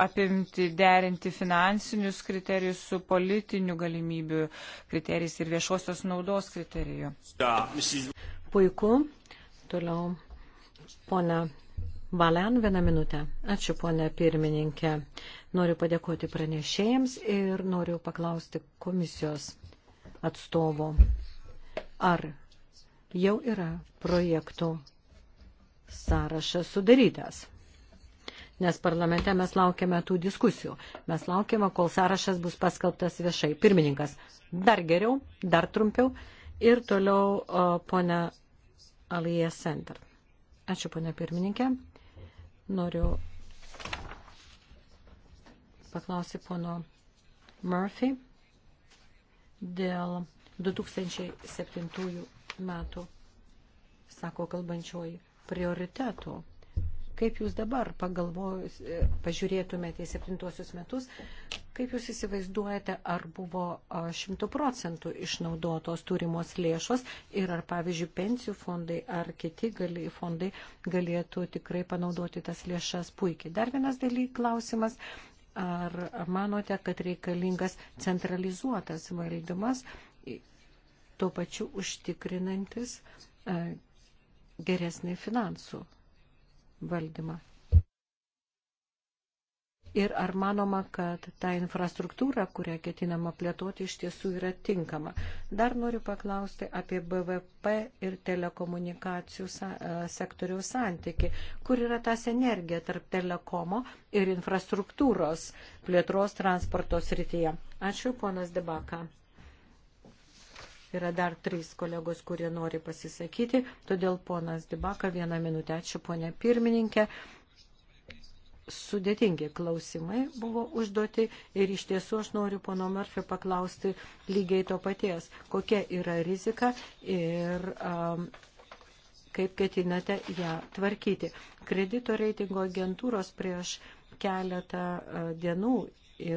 apimti, derinti finansinius kriterijus su politinių galimybių kriterijais ir viešosios naudos kriterijų. Puiku. Toliau, ponia Valen, vieną minutę. Ačiū, ponia pirmininkė. Noriu padėkoti pranešėjams ir noriu paklausti komisijos atstovo, ar jau yra projektų sąrašas sudarytas nes parlamente mes laukiame tų diskusijų. Mes laukiame, kol sąrašas bus paskelbtas viešai. Pirmininkas, dar geriau, dar trumpiau. Ir toliau o, ponia Alija Center. Ačiū, ponia pirmininkė. Noriu paklausyti pono Murphy dėl 2007 metų, sako kalbančioji, prioritetų Kaip jūs dabar pagalvojus, e, pažiūrėtumėte į septintuosius metus, kaip jūs įsivaizduojate, ar buvo šimtų procentų išnaudotos turimos lėšos ir ar, pavyzdžiui, pensijų fondai ar kiti gali, fondai galėtų tikrai panaudoti tas lėšas puikiai. Dar vienas dalyk klausimas ar manote, kad reikalingas centralizuotas valdymas, tuo pačiu užtikrinantis e, geresnį finansų valdymą. Ir ar manoma, kad ta infrastruktūra, kurią ketinama plėtoti, iš tiesų yra tinkama? Dar noriu paklausti apie BVP ir telekomunikacijų e, sektorių santyki. Kur yra ta sinergija tarp telekomo ir infrastruktūros plėtros transporto srityje? Ačiū, ponas Debaka. Yra dar trys kolegos, kurie nori pasisakyti, todėl ponas Dibaka vieną minutę. Ačiū, ponė pirmininkė. Sudėtingi klausimai buvo užduoti ir iš tiesų aš noriu pono Murphy paklausti lygiai to paties, kokia yra rizika ir um, kaip ketinate ją tvarkyti. Kredito reitingo agentūros prieš keletą uh, dienų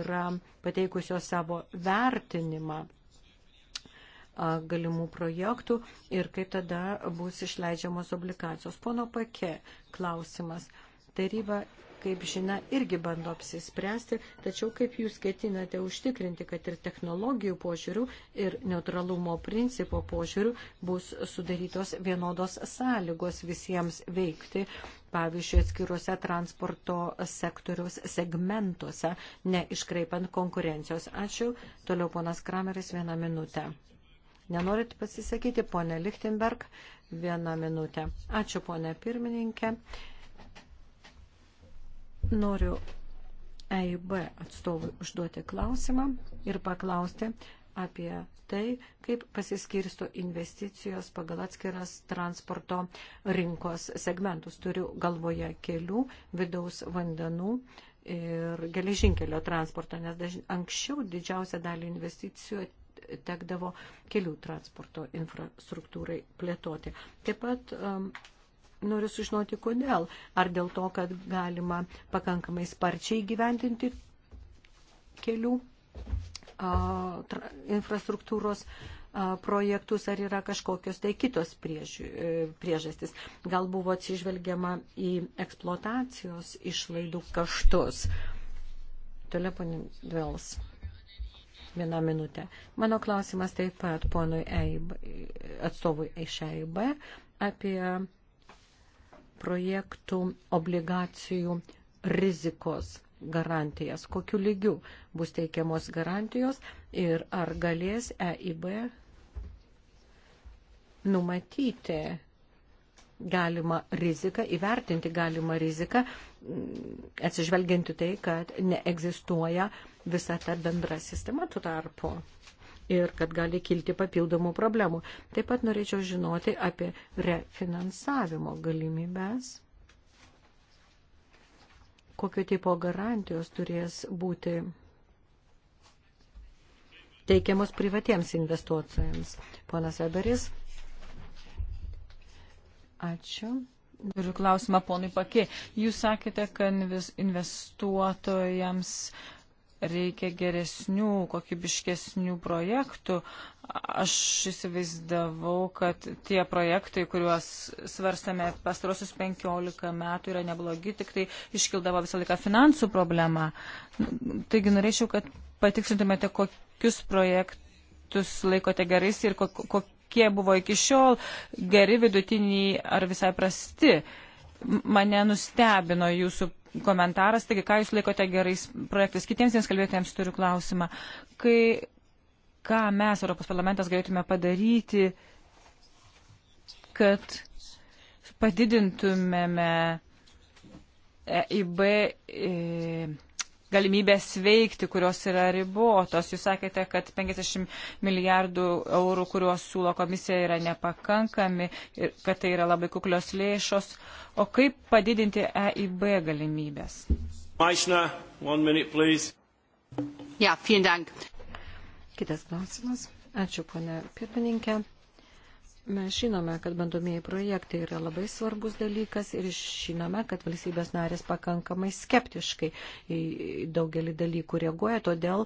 yra pateikusios savo vertinimą galimų projektų ir kaip tada bus išleidžiamos obligacijos. Pono Pake klausimas. Taryba kaip žinia, irgi bando apsispręsti, tačiau kaip jūs ketinate užtikrinti, kad ir technologijų požiūrių ir neutralumo principo požiūrių bus sudarytos vienodos sąlygos visiems veikti, pavyzdžiui, atskiruose transporto sektoriaus segmentuose, neiškreipant konkurencijos. Ačiū. Toliau ponas Krameris vieną minutę. Nenorit pasisakyti, ponė Lichtenberg, vieną minutę. Ačiū, ponė pirmininkė. Noriu EIB atstovui užduoti klausimą ir paklausti apie tai, kaip pasiskirsto investicijos pagal atskiras transporto rinkos segmentus. Turiu galvoje kelių, vidaus vandenų ir geležinkelio transporto, nes daž... anksčiau didžiausią dalį investicijų tekdavo kelių transporto infrastruktūrai plėtoti. Taip pat um, noriu sužinoti, kodėl. Ar dėl to, kad galima pakankamai sparčiai gyventinti kelių uh, infrastruktūros uh, projektus, ar yra kažkokios tai kitos priež, e, priežastys. Gal buvo atsižvelgiama į eksploatacijos išlaidų kaštus. Toliau, ponė Dvels. Vieną minutę. Mano klausimas taip pat ponui EIB, atstovui iš EIB apie projektų obligacijų rizikos garantijas. Kokiu lygiu bus teikiamos garantijos ir ar galės EIB numatyti galimą riziką, įvertinti galimą riziką, mm, atsižvelgianti tai, kad neegzistuoja uh, visa ta bendra sistema tuo tarpu ir kad gali kilti papildomų problemų. Taip pat norėčiau žinoti apie refinansavimo galimybės, kokio tipo garantijos turės būti teikiamos privatiems investuotojams. Ponas Weberis. Ačiū. Turiu klausimą ponui Pakė. Jūs sakėte, kad investuotojams uh, reikia geresnių, kokybiškesnių projektų. Aš įsivaizdavau, kad tie projektai, kuriuos svarstame pastarosius 15 metų, yra neblogi, tik tai iškildavo visą laiką finansų problema. Taigi norėčiau, kad patiksintumėte, kokius projektus laikote gerais ir kokie buvo iki šiol geri, vidutiniai ar visai prasti. Mane nustebino jūsų komentaras, taigi ką jūs laikote gerais projektais. Kitiems jiems kalbėtėjams turiu klausimą. Kai, ką mes, Europos parlamentas, galėtume padaryti, kad padidintumėme EIB. E, galimybės veikti, kurios yra ribotos. Jūs sakėte, kad 50 milijardų eurų, kuriuos siūlo komisija, yra nepakankami ir kad tai yra labai kuklios lėšos. O kaip padidinti EIB galimybės? Maisner, one minute, please. Ja, vielen Dank. Kitas klausimas. Ačiū, ponė pirmininkė. Mes žinome, kad bandomieji projektai yra labai svarbus dalykas ir žinome, kad valstybės narės pakankamai skeptiškai į daugelį dalykų reaguoja, todėl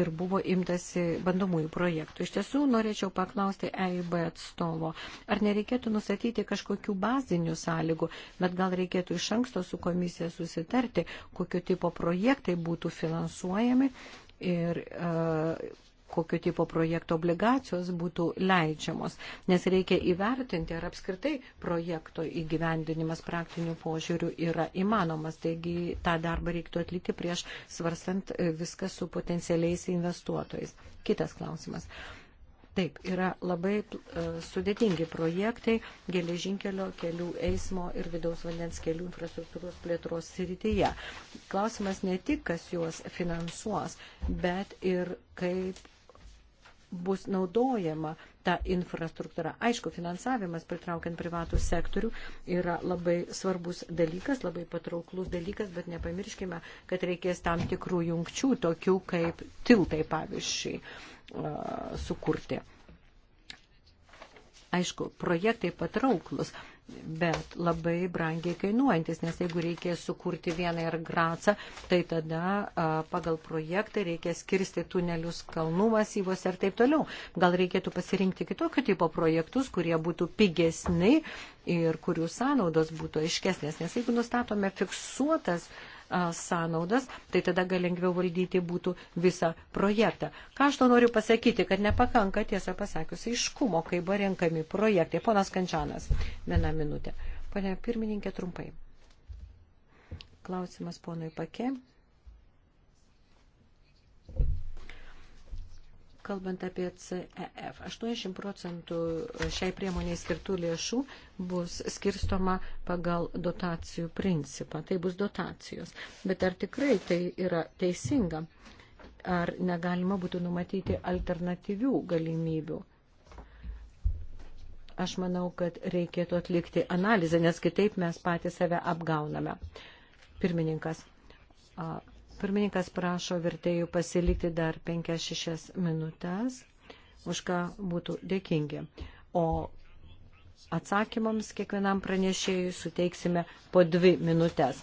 ir buvo imtasi bandomųjų projektų. Iš tiesų, norėčiau paklausti EIB atstovo, ar nereikėtų nustatyti kažkokių bazinių sąlygų, bet gal reikėtų iš anksto su komisija susitarti, kokio tipo projektai būtų finansuojami ir uh, kokio tipo projekto obligacijos būtų leidžiamos, nes reikia įvertinti, ar apskritai projekto įgyvendinimas praktinių požiūrių yra įmanomas. Taigi tą darbą reiktų atlikti prieš svarstant viską su potencialiais investuotojais. Kitas klausimas. Taip, yra labai e, sudėtingi projektai geležinkelio kelių eismo ir vidaus vandens kelių infrastruktūros plėtros srityje. Klausimas ne tik, kas juos finansuos, bet ir kaip bus naudojama ta infrastruktūra. Aišku, finansavimas pritraukiant privatų sektorių yra labai svarbus dalykas, labai patrauklus dalykas, bet nepamirškime, kad reikės tam tikrų jungčių, tokių kaip tiltai, pavyzdžiui, sukurti. Aišku, projektai patrauklus, bet labai brangiai kainuojantis, nes jeigu reikės sukurti vieną ir gracą, tai tada a, pagal projektą reikės kirsti tunelius kalnų masyvos ir taip toliau. Gal reikėtų pasirinkti kitokio tipo projektus, kurie būtų pigesni ir kurių sąnaudos būtų aiškesnės, nes jeigu nustatome fiksuotas a, sąnaudas, tai tada gal lengviau valdyti būtų visą projektą. Ką aš to noriu pasakyti, kad nepakanka tiesą pasakius aiškumo, kai buvo renkami projektai. Ponas Kančianas, vieną minutę. Pane pirmininkė, trumpai. Klausimas ponui Pakė. kalbant apie CEF. 80 procentų šiai priemoniai skirtų lėšų bus skirstoma pagal dotacijų principą. Tai bus dotacijos. Bet ar tikrai tai yra teisinga? Ar negalima būtų numatyti alternatyvių galimybių? Aš manau, kad reikėtų atlikti analizę, nes kitaip mes patys save apgauname. Pirmininkas Pirmininkas prašo vertėjų pasilikti dar 5-6 minutės, už ką būtų dėkingi. O atsakymams kiekvienam pranešėjui suteiksime po 2 minutės.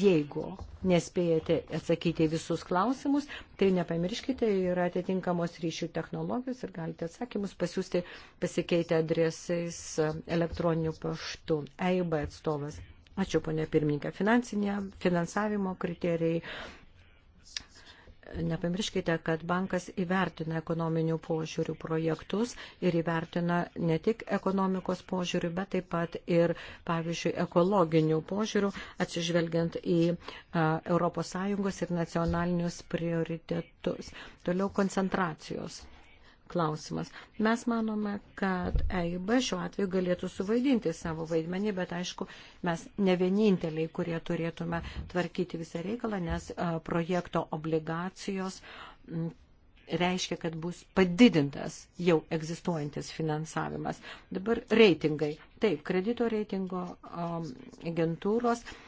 Jeigu nespėjate atsakyti visus klausimus, tai nepamirškite, yra atitinkamos ryšių technologijos ir galite atsakymus pasiūsti pasikeitę adresais elektroniniu paštu. EIB atstovas Ačiū, ponė pirmininkė. Finansinė, finansavimo kriterijai, Nepamirškite, kad bankas įvertina ekonominių požiūrių projektus ir įvertina ne tik ekonomikos požiūrių, bet taip pat ir, pavyzdžiui, ekologinių požiūrių, atsižvelgiant į ES ir nacionalinius prioritetus. Toliau koncentracijos klausimas. Mes manome, kad EIB šiuo atveju galėtų suvaidinti savo vaidmenį, bet aišku, mes ne vieninteliai, kurie turėtume tvarkyti visą reikalą, nes e, projekto obligacijos reiškia, kad bus padidintas jau egzistuojantis finansavimas. Dabar reitingai. Taip, kredito reitingo agentūros. Um,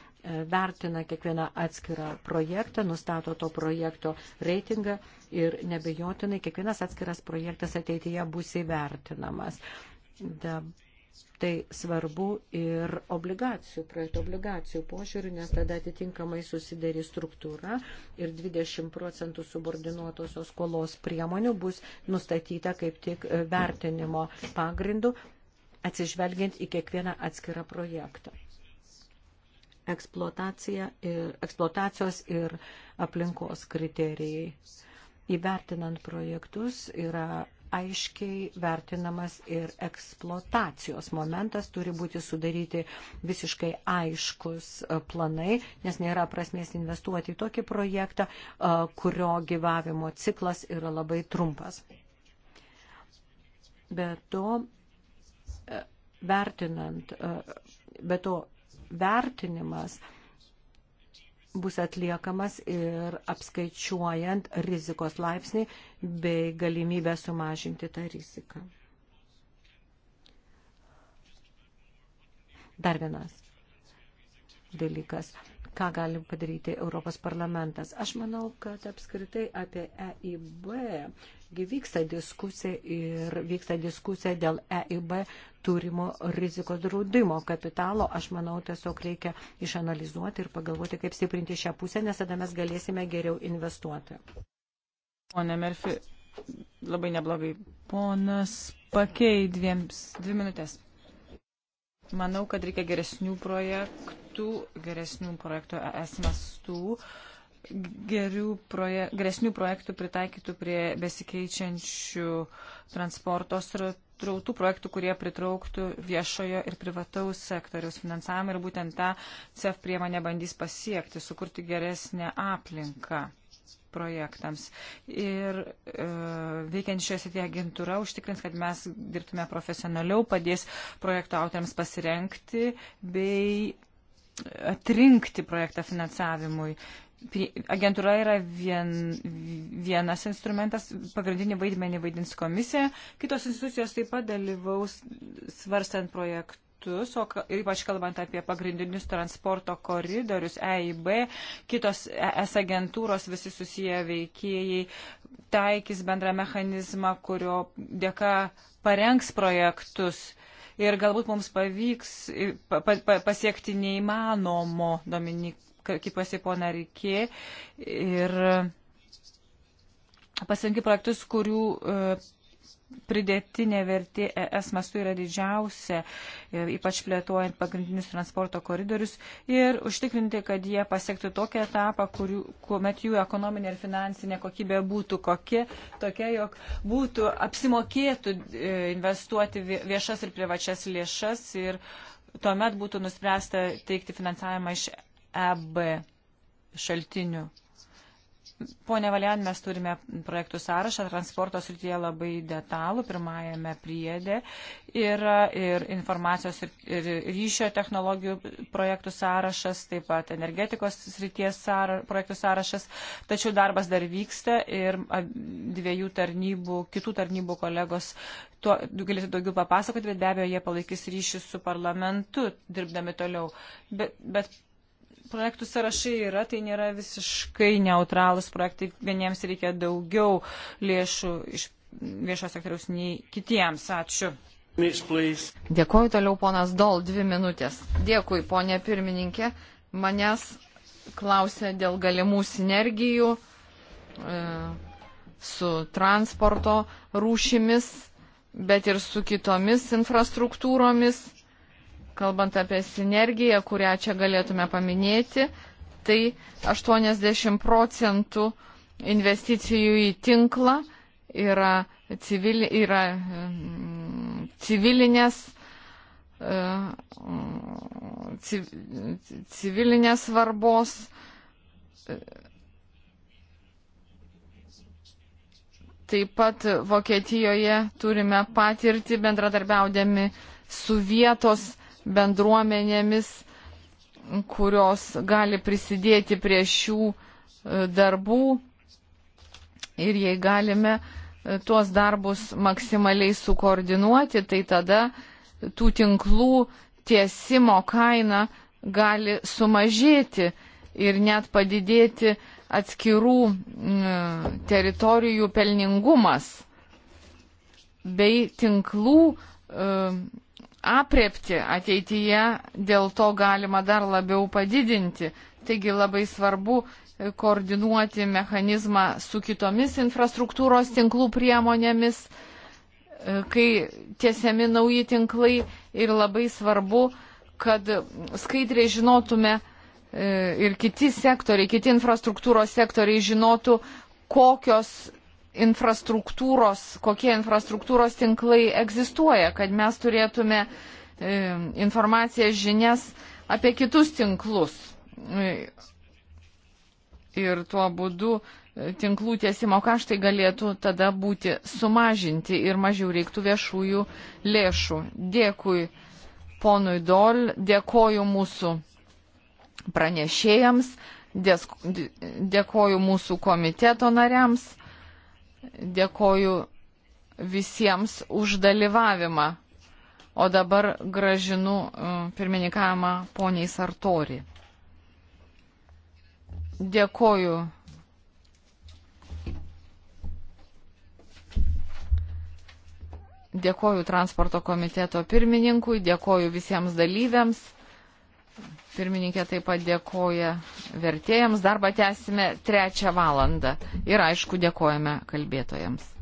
vertina kiekvieną atskirą projektą, nustato to projekto reitingą ir nebejotinai kiekvienas atskiras projektas ateityje bus įvertinamas. Da, tai svarbu ir obligacijų, projektų obligacijų požiūrių, nes tada atitinkamai susidarys struktūra ir 20 procentų subordinuotosios skolos priemonių bus nustatyta kaip tik vertinimo pagrindu atsižvelgiant į kiekvieną atskirą projektą eksploatacija ir, eksploatacijos ir aplinkos kriterijai. Įvertinant projektus yra aiškiai vertinamas ir eksploatacijos momentas, turi būti sudaryti visiškai aiškus planai, nes nėra prasmės investuoti į tokį projektą, kurio gyvavimo ciklas yra labai trumpas. Be to, e, vertinant, e, be to, vertinimas bus atliekamas ir apskaičiuojant rizikos laipsnį bei galimybę sumažinti tą riziką. Dar vienas dalykas ką galim padaryti Europos parlamentas. Aš manau, kad apskritai apie EIB vyksta diskusija ir vyksta diskusija dėl EIB turimo rizikos draudimo kapitalo. Aš manau, tiesiog reikia išanalizuoti ir pagalvoti, kaip stiprinti šią pusę, nes tada mes galėsime geriau investuoti. Pone Merfi, labai neblogai. Ponas Pakei dviems, dvi minutės. Manau, kad reikia geresnių projektų, geresnių projektų ES mastų, proje, geresnių projektų pritaikytų prie besikeičiančių transporto srautų, projektų, kurie pritrauktų viešojo ir privataus sektoriaus finansavimą ir būtent tą CEF priemonę bandys pasiekti, sukurti geresnę aplinką projektams. Ir e, veikiant šioje srityje agentūra užtikrins, kad mes dirbtume profesionaliau, padės projekto autoriams pasirenkti bei atrinkti projektą finansavimui. Agentūra yra vien, vienas instrumentas, pagrindinį vaidmenį vaidins komisija, kitos institucijos taip pat dalyvaus svarstant projektus aspektus, o ypač kalbant apie pagrindinius transporto koridorius, EIB, kitos ES agentūros, visi susiję veikėjai, taikys bendrą mechanizmą, kurio dėka parengs projektus. Ir galbūt mums pavyks pasiekti neįmanomo, Dominik, kaip pasipona reikė. Ir e, pasirinkti projektus, kurių e, pridėtinė vertė ES mastu yra didžiausia, e, ypač plėtuojant pagrindinius transporto koridorius ir užtikrinti, kad jie pasiektų tokią etapą, kurių, kuomet jų ekonominė ir finansinė kokybė būtų kokia, tokia, jog būtų apsimokėtų e, investuoti viešas ir privačias lėšas ir tuomet būtų nuspręsta teikti finansavimą iš EB šaltinių. Pone Valian, mes turime projektų sąrašą, transporto srityje labai detalų, pirmajame priedė yra ir informacijos ir, ir ryšio technologijų projektų sąrašas, taip pat energetikos srities sąra, projektų sąrašas, tačiau darbas dar vyksta ir dviejų tarnybų, kitų tarnybų kolegos tuo galėtų daugiau papasakoti, bet be abejo jie palaikys ryšius su parlamentu, dirbdami toliau. Bet, bet projektų sąrašai yra, tai nėra visiškai neutralūs projektai, vieniems reikia daugiau lėšų iš viešo sektoriaus nei kitiems. Ačiū. Dėkuoju toliau, ponas Dol, dvi minutės. Dėkui, ponė pirmininkė. Manęs klausė dėl galimų sinergijų e, su transporto rūšimis, bet ir su kitomis infrastruktūromis kalbant apie sinergiją, kurią čia galėtume paminėti, tai 80 procentų investicijų į tinklą yra, civil, yra mm, civilinės, e, mm, civ, civilinės svarbos. Taip pat Vokietijoje turime patirti bendradarbiaudami su vietos bendruomenėmis, kurios gali prisidėti prie šių e, darbų ir jei galime e, tuos darbus maksimaliai sukoordinuoti, tai tada tų tinklų tiesimo kaina gali sumažėti ir net padidėti atskirų teritorijų pelningumas bei tinklų e, apriepti ateityje, dėl to galima dar labiau padidinti. Taigi labai svarbu koordinuoti mechanizmą su kitomis infrastruktūros tinklų priemonėmis, e, kai tiesiami nauji tinklai ir labai svarbu, kad skaidriai žinotume e, ir kiti sektoriai, kiti infrastruktūros sektoriai žinotų, kokios infrastruktūros, kokie infrastruktūros tinklai egzistuoja, kad mes turėtume e, informaciją, žinias apie kitus tinklus. E, ir tuo būdu e, tinklų tiesimo kaštai galėtų tada būti sumažinti ir mažiau reiktų viešųjų lėšų. Dėkui ponui Dol, dėkoju mūsų pranešėjams, dėkoju mūsų komiteto nariams. Dėkoju visiems už dalyvavimą. O dabar gražinu e, pirmininkavimą poniai Sartori. Dėkoju. Dėkoju transporto komiteto pirmininkui, dėkoju visiems dalyviams. Pirmininkė taip pat dėkoja vertėjams. Darbą tęsime trečią valandą. Ir aišku, dėkojame kalbėtojams.